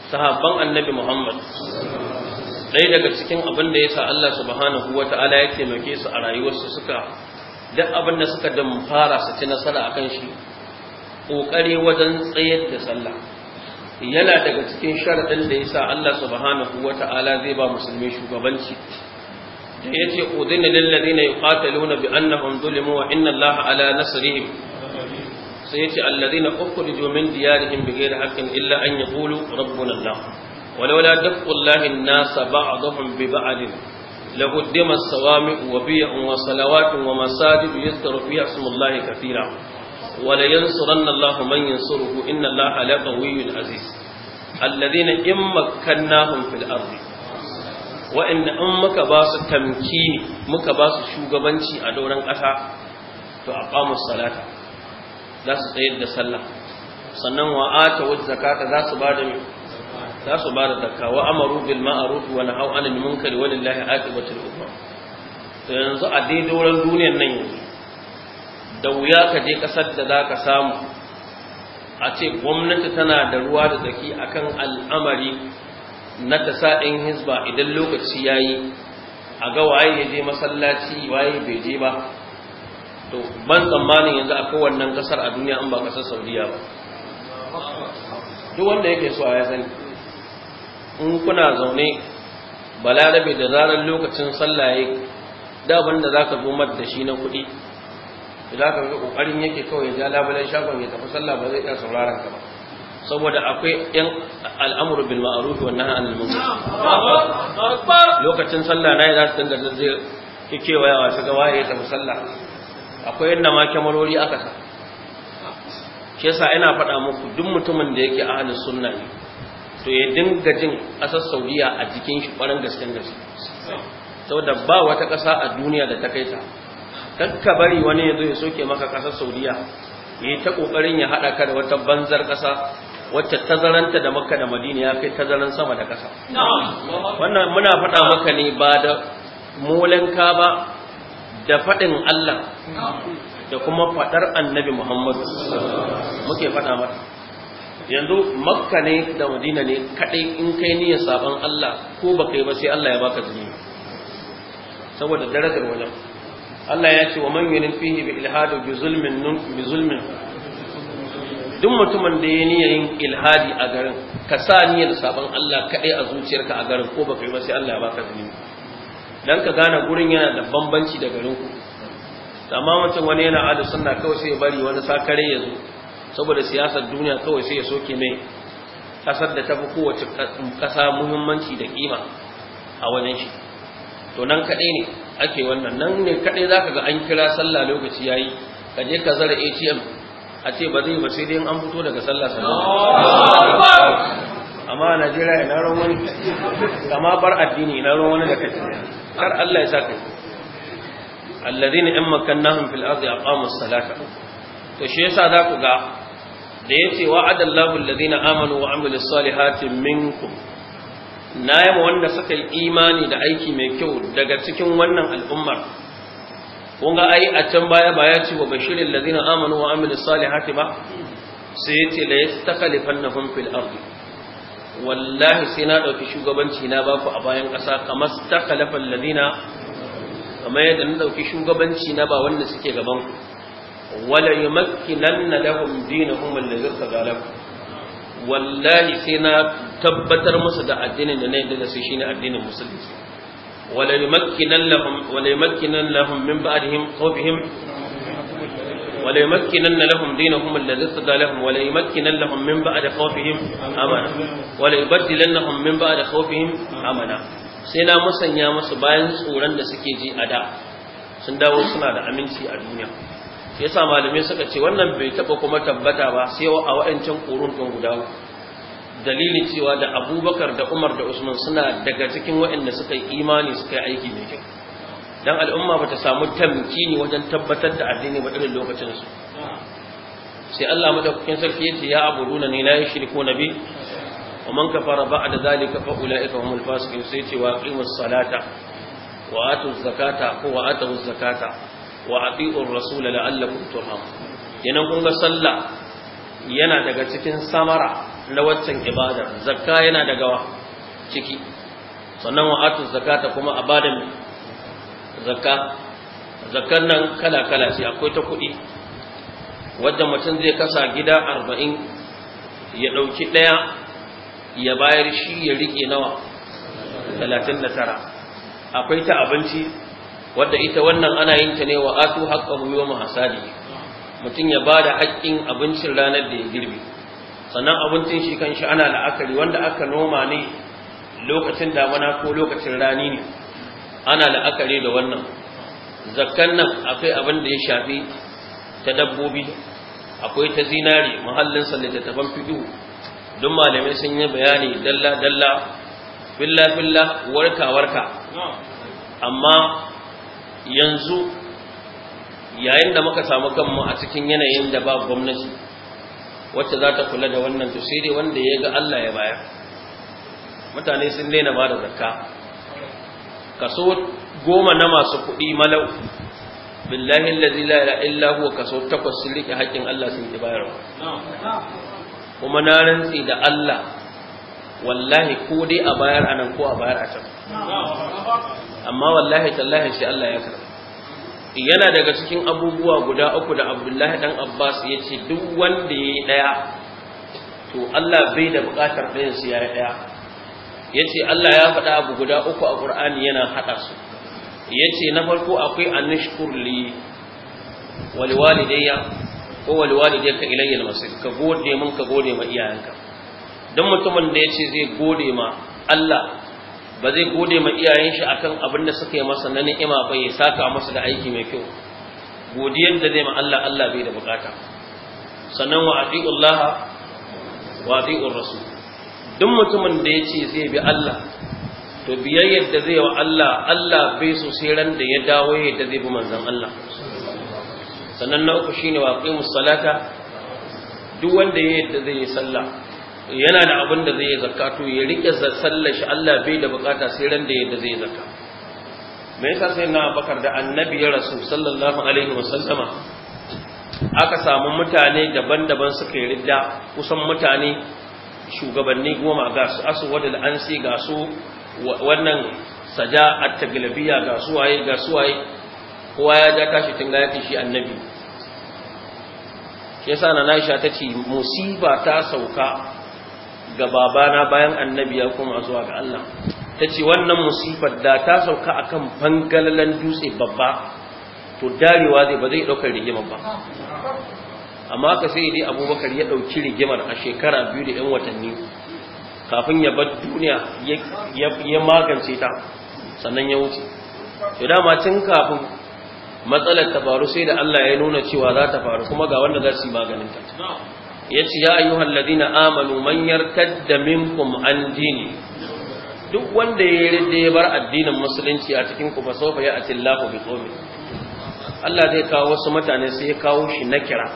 sahabban annabi Muhammad ɗaya daga cikin abin da sa Allah subhanahu wata'ala ya taimake su a rayuwarsu suka duk abin da suka damfara su ci nasara akan shi ƙoƙari wajen tsayar da sallah yana daga cikin sharaɗin da yasa Allah subhanahu zai ba musulmi shugabanci yace udina ya ladina yuqataluna bi annahum zulimu wa inna allaha ala nasrihim sai yace alladina da min diyarihim bighairi hakan illa an yaqulu rabbuna allah ولولا دفع wa الناس بعضهم ببعض لقدم الصوامع وبيع وصلوات ومساجد يذكر فيها اسم الله كثيرا ولينصرن الله من ينصره إن الله لقوي عزيز الذين إن مكناهم في الأرض wa'anda in muka ba su tamkini muka ba su shugabanci a doron ƙasa to a aqamus salata za su tsayar da sallah sannan wa atawuz zakata za su ba da za su ba da zakka wa amaru bil ma'ruf wa nahaw 'anil munkar wa lillahi aqibatul umur to yanzu a dai doron duniyar nan yanzu da wuya ka je kasar da za ka samu a ce gwamnati tana da ruwa da tsaki akan al'amari na ta sa in hisba idan lokaci ya yi a ga waye ya je masallaci waye bai je ba to ban tsammanin yanzu a kowannen ƙasar a duniya an ba ƙasar saudiya ba duk wanda yake so ya sani in kuna zaune balarabe da zaran lokacin sallaye daban da za ka zo da shi na kuɗi za ka ga ƙoƙarin yake kawai ya ja labulan shagon ya tafi sallah ba zai iya sauraron ka ba saboda akwai yan al'amuru bil ma'ruf wa nahy anil munkar lokacin sallah nayi za su dinga zai kike wayawa su ga waye ta musalla akwai inda ma kyamarori aka sa shi yasa ina faɗa muku duk mutumin da yake ahli sunna ne to ya dinga jin ƙasar saudiya a jikin shi ƙwarin gasken gaske saboda ba wata ƙasa a duniya da ta kai ta kakka bari wani ya zo ya soke maka ƙasar saudiya ya yi ta ƙoƙarin ya haɗa ka da wata banzar ƙasa wacce tazaranta da makka da madina ya kai tazaran sama da ƙasa wannan muna faɗa maka ne ba da molanka ba da faɗin Allah da kuma faɗar annabi Muhammadu muke faɗa mata yanzu makka ne da madina ne kaɗai in kai niyyar sabon Allah ko ba kai ba sai Allah ya baka jini saboda darajar wajen Allah ya ce wa man yunin fihi bi ilhadu bi zulmin duk mutumin da ya niyyar yin ilhadi a garin ka sa niyyar sabon Allah kaɗai a zuciyarka a garin ko baka yi masa Allah ya baka zunubi dan ka gane gurin yana da bambanci da garin ku amma wancan wani yana ada sunna kawai sai ya bari wani sakare ya zo saboda siyasar duniya kawai sai ya soke mai kasar da ta fi kowace kasa muhimmanci da kima a wajen shi to nan kaɗai ne ake wannan nan ne kaɗai za ka ga an kira sallah lokaci ya yi ka je ka zara atm a ce ba zai ba sai dai an fito daga sallah sallah amma a najeriya ina ruwan wani kama bar addini ina ruwan wani da kai kar allah ya sa kai allazina in makannahum fil ardi aqamus salata to shi yasa za ku ga da ya ce wa wa'ada allahu allazina amanu wa amilus salihati minkum nayi wanda suka yi imani da aiki mai kyau daga cikin wannan al'ummar kun ga ai a can baya ba ya ce wa bashirin ladina amanu wa amilu salihati ba sai ya ce la na fil ardi wallahi sai na ɗauki shugabanci na ba ku a bayan ƙasa kamar stakhlafal lazina. kamar yadda na ɗauki shugabanci na ba wanda suke gaban ku wala na yumakkinanna lahum dinahum alladhi tsadalakum wallahi sai na tabbatar musu da addinin da na yadda da sai ne addinin musulunci وليمكنن لهم من بعدهم خوفهم وليمكنن لهم دينهم الذي لهم وليمكنن لهم من بعد خوفهم امنا وليبدلنهم من بعد خوفهم امنا sai na musanya musu bayan tsoron da suke ji a da sun dawo suna da aminci a duniya yasa malamai suka ce wannan bai taba kuma tabbata ba sai a wa'ancan ƙurun guda uku dalilin cewa da abubakar da umar da usman suna daga cikin waɗanda suka yi imani suka yi aiki mai kyau don al'umma ba ta samu tamkini wajen tabbatar da addini ba irin su. sai Allah madaukakin sarki ce ya abuduna ni la yushriku nabi wa man kafara ba'da zalika fa ulaika humul fasiqun sai ce wa aqimus salata wa atuz zakata ko wa atuz zakata wa atiur rasul la'allakum turham kenan kun ga sallah yana daga cikin samara na waccan ibada zakka yana da gawa ciki sannan wa atu zakata kuma abadan zakka zakkan nan kala kala ce akwai ta kuɗi wadda mutum zai kasa gida arba'in ya ɗauki ɗaya ya bayar shi ya rike nawa talatin akwai ta abinci wadda ita wannan ana yin ta ne wa atu haqqahu yawma hasadi mutum ya bada haƙƙin abincin ranar da ya girbe sannan abincin shi kan shi ana la'akari wanda aka noma ne lokacin damana ko lokacin rani ne ana la'akari da wannan zakkan nan akwai abin da ya shafi ta dabbobi akwai ta zinari mahallinsa littattafan fiɗo don malamai sun yi bayani dalla-dalla filla-filla warka-warka amma yanzu yayin da muka samu kanmu a cikin yanayin da ba gwamnati wacce za ta kula da wannan tusiri wanda ya ga Allah ya bayar mutane sun daina ba da zakka kaso goma na masu kuɗi malau billahi allazi la ilaha illa huwa kaso takwas sun rike haƙƙin Allah sun ki bayarwa kuma na rantsi da Allah wallahi ko dai a bayar anan ko a bayar a can amma wallahi tallahi shi Allah ya karɓa yana daga cikin abubuwa guda uku da abdullahi dan abbas ya ce duk wanda ya yi ɗaya to allah bai da buƙatar ɗayan su ya yi ɗaya ya ce allah ya faɗa abu guda uku a ƙur'ani yana haɗa su ya ce na farko akwai annishkur li waliwalidayya ko waliwalidayya ka ilayyar masu ka gode min ka gode ma iyayenka don mutumin da ya ce zai gode ma allah ba zai gode ma iyayen shi akan abin da suka yi masa na ni'ima ba ya saka masa da aiki mai kyau godiyar da zai ma Allah Allah bai da bukata sannan wa Allah wa ati'ur rasul duk mutumin da yace zai bi Allah to biyayyar da zai wa Allah Allah bai so sai ran da ya dawo ya da zai bi manzon Allah sannan na uku shine wa qimus salata duk wanda ya yadda zai yi sallah yana da abin da zai zakka to ya rike sallar shi Allah bai da bukata sai ran da yadda zai zakka me yasa sai na bakar da annabi ya rasu sallallahu alaihi wasallama aka samu mutane daban-daban suka yi ridda kusan mutane shugabanni goma ga su aswad al-ansi ga su wannan saja at-taglabiya ga su waye ga su waye kowa ya ja tashi tunga ya shi annabi yasa na Aisha tace musiba ta sauka ga babana bayan annabi ya koma zuwa ga Allah ta ce wannan musifar da ta sauka akan bangalalan dutse babba to darewa zai ba zai ɗaukar rigimar ba amma ka sai dai abubakar ya ɗauki rigimar a shekara biyu da 'yan watanni kafin ya bar duniya ya magance ta sannan ya wuce to dama tun kafin matsalar ta faru sai da Allah ya nuna cewa za ta faru kuma ga wanda za su yi ta yace ya ayyuhal ladina amanu man yartadda minkum an dini duk wanda ya yarda ya bar addinin musulunci a cikin ku fa ya ati Allahu bi qawmi Allah zai kawo wasu mutane sai ya kawo shi na kira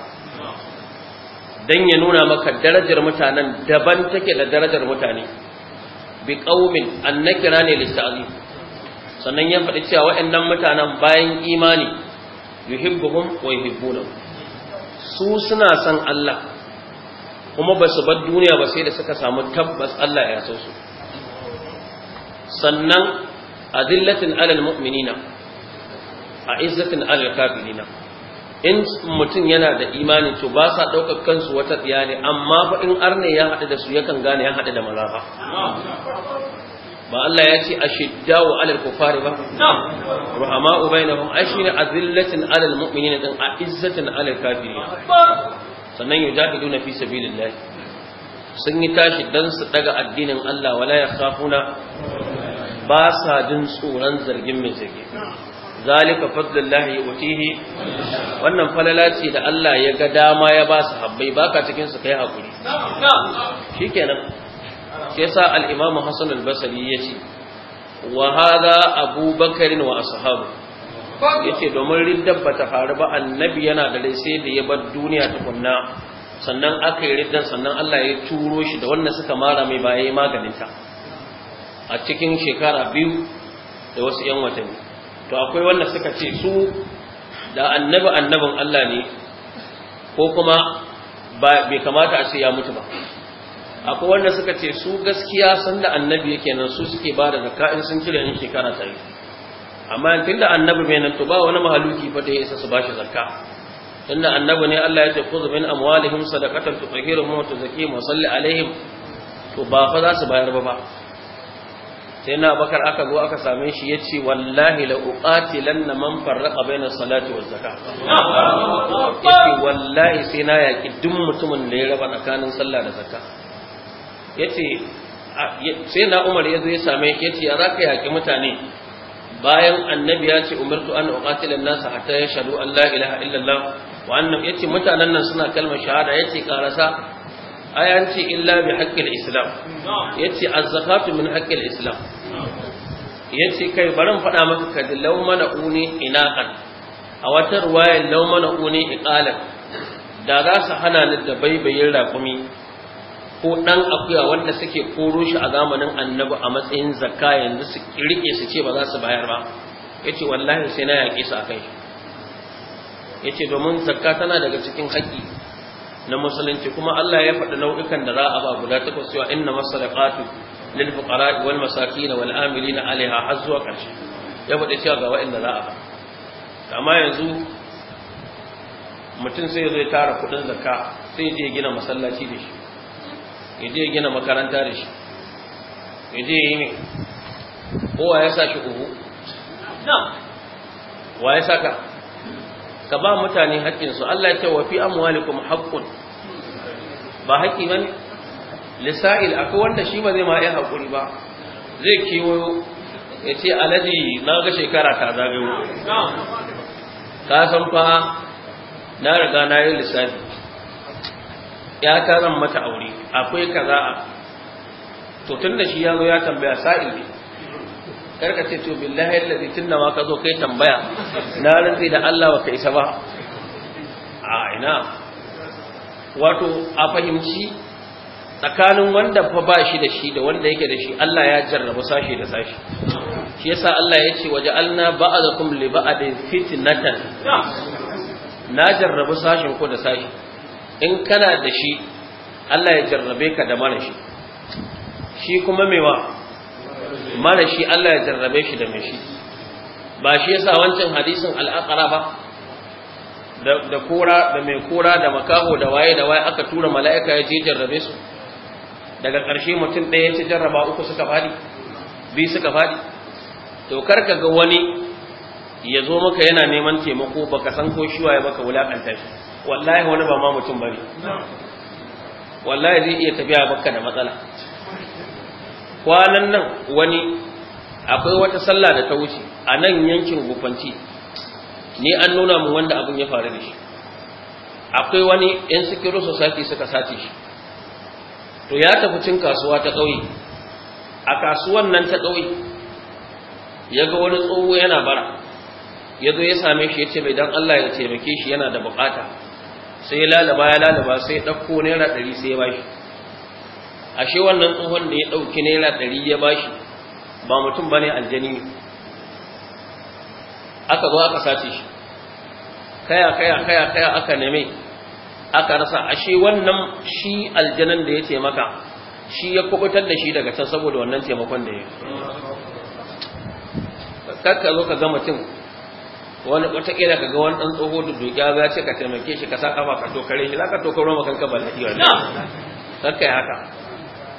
dan ya nuna maka darajar mutanen daban take da darajar mutane bi an annakira ne lista'zim sannan ya faɗi cewa waɗannan mutanen bayan imani yuhibbuhum wa yuhibbunahum su suna san Allah kuma ba su bar duniya ba sai da suka samu tabbas Allah ya so su sannan adillatin alal mu'minina a izzatin alal kafirina in mutum yana da imani to ba sa ɗaukar kansu wata tsiya ne amma fa in arne ya haɗu da su yakan gane ya haɗu da maza ba Allah ya ce wa alal kufari ba rahama'u bainahum ashina azillatin alal mu'minina din a izzatin alal kafirin sannan yujahiduna fi sabilillah sun yi tashi dan su daga addinin Allah wala yakhafuna ba sa jin tsoron zargin mai zargi zalika fadlullahi yutihi wannan falala ce da Allah ya ga dama ya ba su habbai ka cikin su kai hakuri shikenan sai sa al-imamu Hassan al-Basri yace wa hadha Abu Bakar wa ashabu yace domin riddar ba ta faru ba annabi yana da rai sai da ya bar duniya tukunna sannan aka yi riddar sannan Allah ya turo shi da wannan suka mara mai baya ya maganinta a cikin shekara biyu da wasu 'yan watanni to akwai wannan suka ce su da annabi annabin Allah ne ko kuma bai kamata a ce ya mutu ba akwai wannan suka ce su gaskiya sanda annabi yake nan su suke ba da zakka in sun cire in shekara ta yi amma tunda annabi bai nan to ba wani mahaluki fa da isa su ba shi zakka tunda annabi ne Allah ya ce khudh min amwalihim sadaqatan tutahhiruhum wa tuzakkihim wa salli alaihim to ba fa za su bayar ba ba sai na bakar aka zo aka same shi ya ce wallahi la uqatilanna man farraqa baina salati zakka. Ya yace wallahi sai na yaki duk mutumin da ya raba tsakanin sallah da zakka yace sai na Umar ya zo ya same yace ya zaka yaki mutane bayan annabi ya ce umartu an uqatila an hatta yashhadu an la ilaha illallah wa annam yace mutanen nan suna kalmar shahada yace karasa ayan ce illa bi haqqil islam yace az-zakatu min haqqil islam yace kai barin faɗa maka kad mana uni inaqan a wata ruwaya lau mana uni iqalan da za su hana ni da baibayin raƙumi ko ɗan akuya wanda suke koro shi a zamanin annabi a matsayin zakka yanzu su riƙe su ce ba za su bayar ba ya ce wallahi sai na yaƙe su a kai ya ce domin zakka tana daga cikin haƙƙi na musulunci kuma Allah ya faɗi nau'ikan da za a ba guda takwas cewa inna masadaqatu lil fuqara wal masakin wal amilin alaiha har zuwa ƙarshe ya faɗi cewa ga wa'anda za a ba amma yanzu mutum sai ya tara kuɗin zakka sai ya je gina masallaci da shi ya gina makaranta da shi yaje yi ne kowa ya sa shi ubu wa ya saka ka ba mutane haƙƙinsu Allah ya ce wa fi amwalikum haqqun ba haƙƙi bane lisa'il akwai wanda shi ba zai ma yi haƙuri ba zai kiwo ya ce alaji na ga shekara ta zagayo ka san fa na riga na yi lissafi ya ta zan mata aure akwai kaza a to tun da shi ya zo ya tambaya sa'i ne karka ce to billahi allazi tunda ma ka zo kai tambaya na rantsi da Allah ka isa ba a ina wato a fahimci tsakanin wanda fa ba shi da shi da wanda yake da shi Allah ya jarraba sashi da sashi shi yasa Allah ya ce waja'alna ba'adakum li ba'adin fitnatan na jarrabu sashin ko da sashi in kana da shi Allah ya jarrabe ka da mara shi shi kuma mewa mara shi Allah ya jarrabe shi da mai shi ba shi yasa wancan hadisin al'aqara ba da kura da mai kora da makaho da waye da waye aka tura mala'ika ya je jarrabe su daga ƙarshe mutum ɗaya ci jarraba uku suka faɗi bi suka faɗi to karka ga wani ya zo maka yana neman taimako baka san ko shiwaye baka wulakanta shi wallahi wani ba ma mutum bane wallahi zai iya tafiya bakka da matsala kwanan nan wani akwai wata sallah da ta wuce a nan yankin gufanci ne an nuna mu wanda abin ya faru da shi akwai wani yan sikiru society suka sace shi to ya tafi cin kasuwa ta ƙauye a kasuwan nan ta ƙauye ya ga wani tsoho yana bara ya zo ya same shi ya ce mai dan Allah ya taimake shi yana da bukata sai lalaba ya lalaba sai ɗauko naira ɗari sai ya shi. ashe wannan tsohon da ya ɗauki naira ɗari ya ba shi ba mutum ba ne aljani ne aka zo aka sace shi kaya kaya kaya kaya aka neme aka rasa ashe wannan shi aljanan da ya ce maka shi ya kubutar da shi daga can saboda wannan taimakon da ya yi kakka zo ka ga mutum wani wataƙila ka ga wani ɗan tsoho da dukiya ya ce ka taimake shi ka sa kafa ka tokare shi za ka tokaro ma kanka bala'i wannan kakka yi haka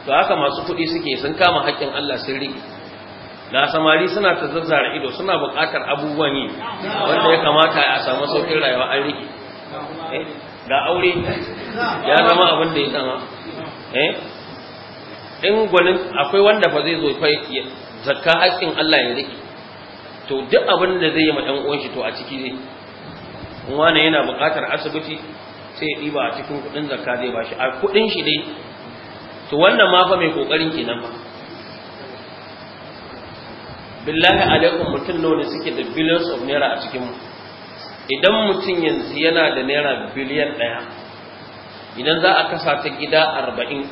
to haka masu kuɗi suke sun kama haƙƙin Allah sun riƙe na samari suna ta zazzara ido suna buƙatar abubuwan yi wanda ya kamata a samu sauƙin rayuwa an riƙe eh, ga aure ya zama abin da ya zama eh, in gwanin akwai wanda fa zai zo zakka haƙƙin Allah ya riƙe to duk abin da zai yi ma ɗan shi to a ciki ne ne yana buƙatar asibiti sai ya ɗiba a cikin kuɗin zakka zai bashi a kuɗin shi dai to wannan ma fa mai ƙoƙarin kenan ba billahi alaikum mutum nawa ne suke da billions of naira a cikin idan mutum yanzu yana da naira biliyan ɗaya idan za a kasa ta gida arba'in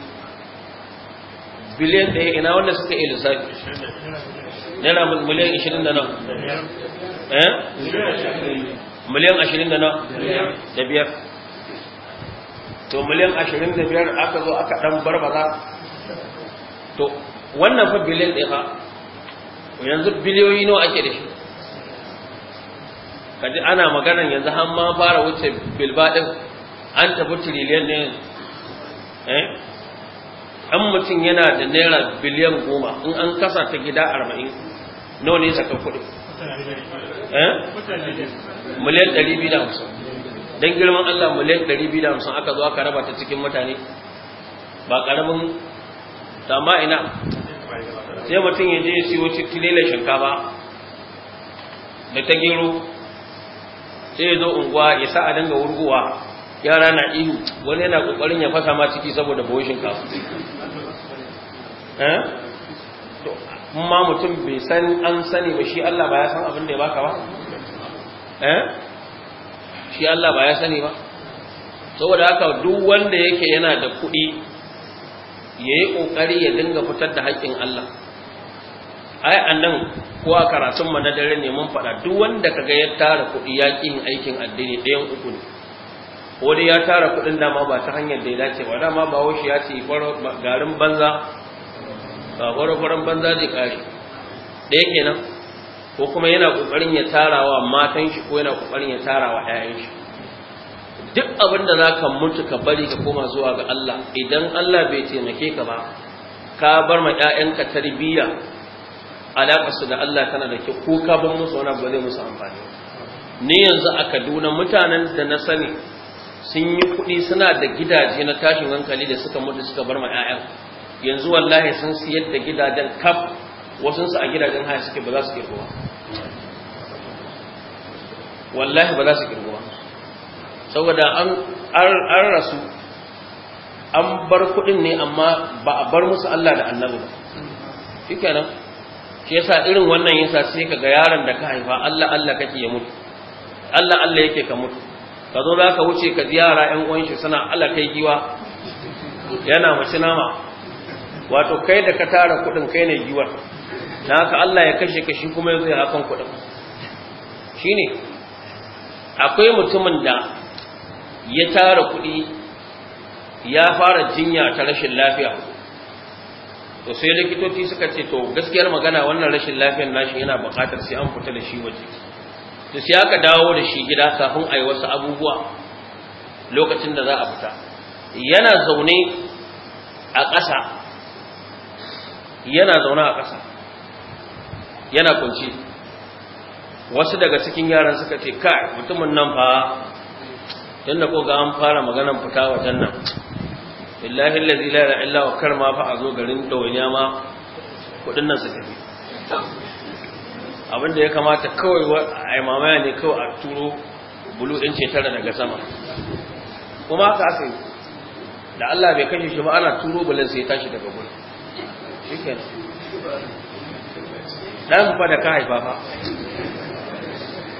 biliyan ɗaya ina wanda suka yi lissafi naira miliyan 20 da nan eh miliyan 20 da nan da biyar to miliyan da biyar aka zo aka dan barbaza to wannan fa biliyan ɗaya fa yanzu biliyoyi nawa ake da shi kaji ana maganan yanzu har ma fara wuce bilba ɗin an tafi tiriliyan ne eh an mutum yana da naira biliyan goma in an kasa ta gida arba'in nawa ne zakar kudi eh? miliyan ɗari don girman Allah miliyan ɗari aka zo aka raba ta cikin mutane ba karamin dama ina sai mutum ya je siyo tilela shinkafa da ta gero sai ya zo unguwa ya sa a dinga wurguwa yara na ihu wani yana kokarin ya fasa ma ciki saboda bawon shinkafa eh? ma mutum bai san an sani ba shi Allah ba ya san abin da ya baka ba eh shi Allah ba ya sani ba saboda haka duk wanda yake yana da kuɗi yayi kokari ya dinga fitar da haƙin Allah ai annan ko a karatun mu na dare ne mun faɗa duk wanda kaga ya tara kuɗi ya ƙin aikin addini ɗayan uku ne ko dai ya tara kuɗin dama ba ta hanyar da ya dace ba dama ba shi ya ce garin banza ba gwargwaron banza zai kare ɗaya nan, ko kuma yana ƙoƙarin ya tarawa matan shi ko yana ƙoƙarin ya tarawa ƴaƴan shi duk abin da zaka mutu ka bari ka koma zuwa ga Allah idan Allah bai taimake ka ba ka bar ma ƴaƴanka tarbiyya alaƙa su da Allah tana da ke, ko ka bar musu wani abu zai musu amfani ni yanzu a Kaduna mutanen da na sani sun yi kuɗi suna da gidaje na tashin hankali da suka mutu suka bar ma ƴaƴan yanzu wallahi sun siyar da gidajen kaf wasu a gidajen haya suke ba za su kirgo ba wallahi ba za su kirgo ba saboda an rasu an bar kuɗin ne amma ba a bar musu Allah da annabi ba shi kenan shi yasa irin wannan yasa sai kaga yaron da ka haifa Allah Allah kake ya mutu Allah Allah yake ka mutu ka zo za ka wuce ka ziyara 'yan uwan shi suna Allah kai giwa yana mace nama wato kai da ka tara kudin kai ne giwar na haka Allah ya kashe kashi kuma ya zai hakan kudin ne akwai mutumin da ya tara kudi ya fara jinya ta rashin lafiya to sai likitoci suka ce to gaskiyar magana wannan rashin lafiyar nashi yana buƙatar sai an fita da shi waje to sai aka dawo da shi gida kafin a yi wasu abubuwa lokacin da za a fita yana zaune a ƙasa yana zaune a ƙasa yana kunci wasu daga cikin yaran suka ce kai mutumin nan fa tunda ko ga an fara maganan fita wajen nan illahi allazi la ilaha illa wa karma fa a zo garin dawaniya ma kudin nan suka ce. abin ya kamata kawai a imamaya ne kawai a turo bulu ɗin ce tara daga sama kuma aka asa da Allah bai kashe shi ba ana turo bulan sai ya tashi daga gurin shikin fa da ka haifa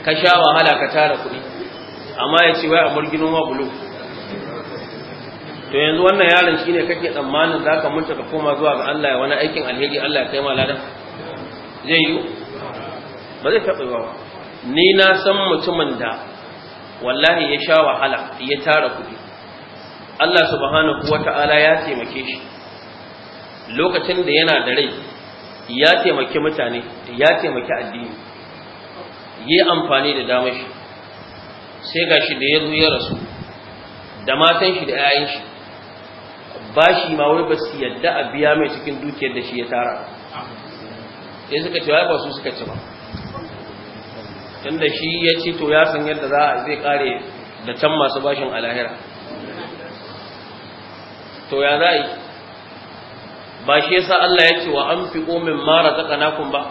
ka sha wahala ka tara kuɗi amma ya ce a bulu to yanzu wannan yaron shi ne kake tsammanin za ka mutu ka koma zuwa ga Allah ya wani aikin alheri Allah ya kai ma ladan zai yi ba zai taɓa ba ni na san mutumin da wallahi ya sha wahala ya tara kuɗi Allah subhanahu wata'ala ya taimake shi lokacin da yana da rai ya taimaki mutane ya taimaki addini yi amfani da damar shi sai ga shi da ya zo ya rasu da matan shi da 'ya'yan shi ba shi ma wai ba su yadda a biya mai cikin dukiyar da shi ya tara sai suka ce ba su suka ci ba tunda shi ya ce to ya san yadda za a zai kare da can masu bashin alahira to ya za a yi ba shi yasa Allah ya ce wa an anfiqu mimma razaqnakum ba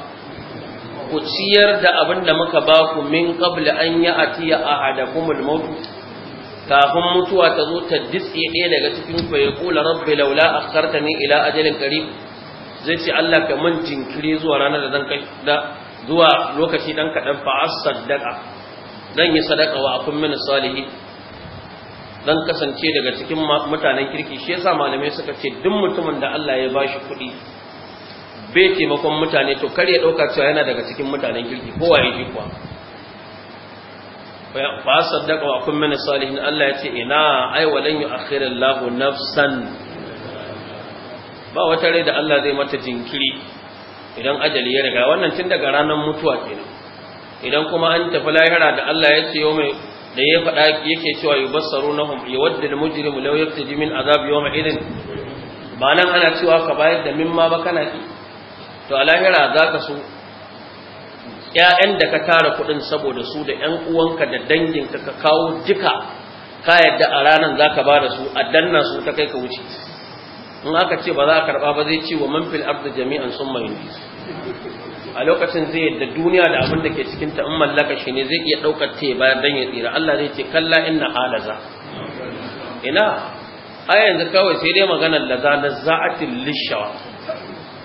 ku ciyar da abinda muka ba ku min kabla an ya'tiya ahadakumul maut kafin mutuwa ta zo ta ditse ɗaya daga cikin ku ya kula rabbi laula akhartani ila ajalin qarib zai ce Allah ka mun jinkiri zuwa ranar da zan kai zuwa lokaci dan kaɗan fa sadaka, sadaqa dan yi sadaqa wa akun min salihi. dan kasance daga cikin mutanen kirki shi yasa malamai suka ce duk mutumin da Allah ya ba shi kuɗi bai taimakon mutane to kar ya ɗauka cewa yana daga cikin mutanen kirki kowa ya ji kuwa fa saddaqa wa kun min salihin Allah ya ce ina ai walan yu'akhirillahu nafsan ba wata rai da Allah zai mata jinkiri idan ajali ya riga wannan tun daga ranar mutuwa kenan idan kuma an tafi lahira da Allah ya ce yau mai da ya faɗa yake cewa yubassarunahum yawaddu al-mujrimu law yaftaji min azab yawm idin ba nan ana cewa ka bayar da mimma ba kana ki to a lahira za ka so ƴaƴan da ka tara kuɗin saboda su da ‘yan uwanka da danginka ka kawo duka ka yadda a ranar za ka ba da su a danna su ta kai ka wuce in aka ce ba za a karɓa ba zai ce wa manfil arda jami'an sun mai a lokacin zai yadda duniya da abin da ke cikin ta in mallaka shi ne zai iya daukar te bayan dan ya tsira Allah zai ce kalla inna alaza ina a yanzu kawai sai dai maganar laza na za'atin lishawa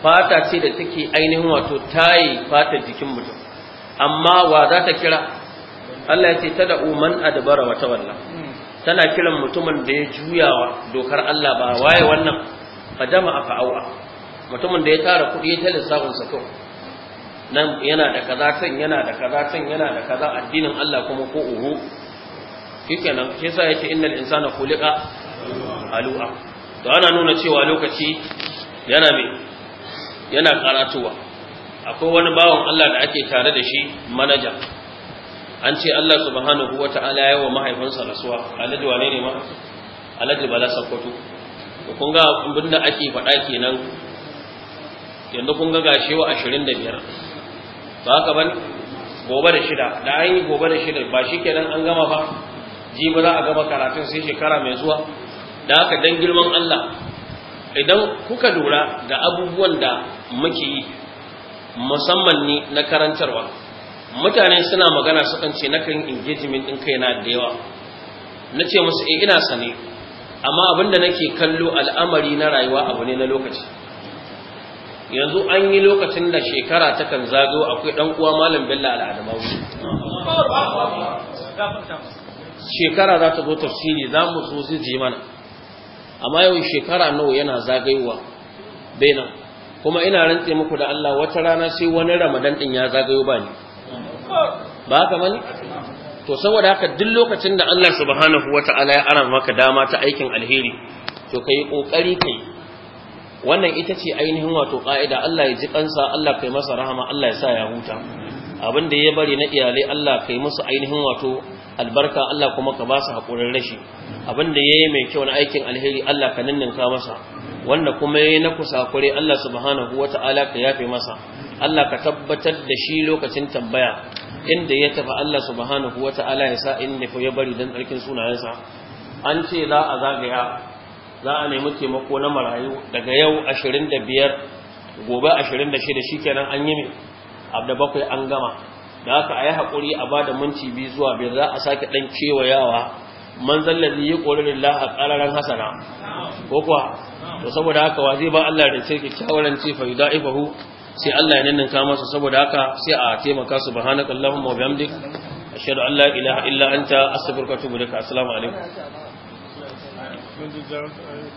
fata ce da take ainihin wato tayi fatar jikin mutum amma wa za ta kira Allah ya ce ta da uman adabara wata walla. tana kiran mutumin da ya juyawa dokar Allah ba waye wannan fadama afa au'a mutumin da ya tara kuɗi ya talisa sa to? nan yana da kaza yana da kaza yana da kaza addinin Allah kuma ko uhu shikenan ke yasa yake innal insana khuliqa alu'a to ana nuna cewa lokaci yana me yana karatuwa akwai wani bawan Allah da ake tare da shi manaja an ce Allah subhanahu wata'ala ya wa mahaifinsa rasuwa alaji wane ne ma alaji bala sakkwato to kun ga abin ake faɗa kenan yanzu kun ga da biyar. ba haka ban gobe da shida da an yi gobe da shida ba shi kenan an gama ba jibi za a gama karatun sai shekara mai zuwa da haka dan girman Allah idan kuka lura da abubuwan da muke yi musamman ni na karantarwa mutane suna magana sukan ce nakan engagement din kaina da yawa nace ce musu eh ina sane amma abinda nake kallo al'amari na rayuwa abu ne na lokaci yanzu an yi lokacin da shekara ta kan zago akwai dan uwa malam billa al'adamawu shekara za ta zo tafsiri za mu so zai ji mana amma yau shekara nawa yana zagayowa bainan kuma ina rantse muku da Allah wata rana sai wani ramadan ɗin ya zagayo ba ni ba ka bane to saboda haka duk lokacin da Allah subhanahu wataala ya ara maka dama ta aikin alheri to kai kokari kai wannan ita ce ainihin wato ƙa'ida Allah ya ji kansa Allah kai masa rahama Allah ya sa ya huta abin da ya bari na iyalai Allah kai musu ainihin wato albarka Allah kuma ka ba su haƙurin rashi abin da ya yi mai kyau na aikin alheri Allah ka ninninka masa wanda kuma ya yi na kusakure Allah subhanahu wa ta'ala ka yafe masa Allah ka tabbatar da shi lokacin tambaya inda ya tafi Allah subhanahu wa ta'ala ya sa inda ya bari don tsarkin sunayensa an ce za a zagaya za a nemi taimako na marayu daga yau 25 gobe 26 kenan an yi mai abda bakwai an gama da haka a yi haƙuri a ba da minti biyu zuwa biyar za a sake ɗan yawa. man zallazi yi ƙorin lillah a ƙararren hasana ko kuwa to saboda haka wa zai ba Allah da ce kyakkyawan ce fa yuda ifahu sai Allah ya nannan kama su. saboda haka sai a taimaka subhanakallahumma wa bihamdik ashhadu an allah ilaha illa anta astaghfiruka wa atubu assalamu alaikum I,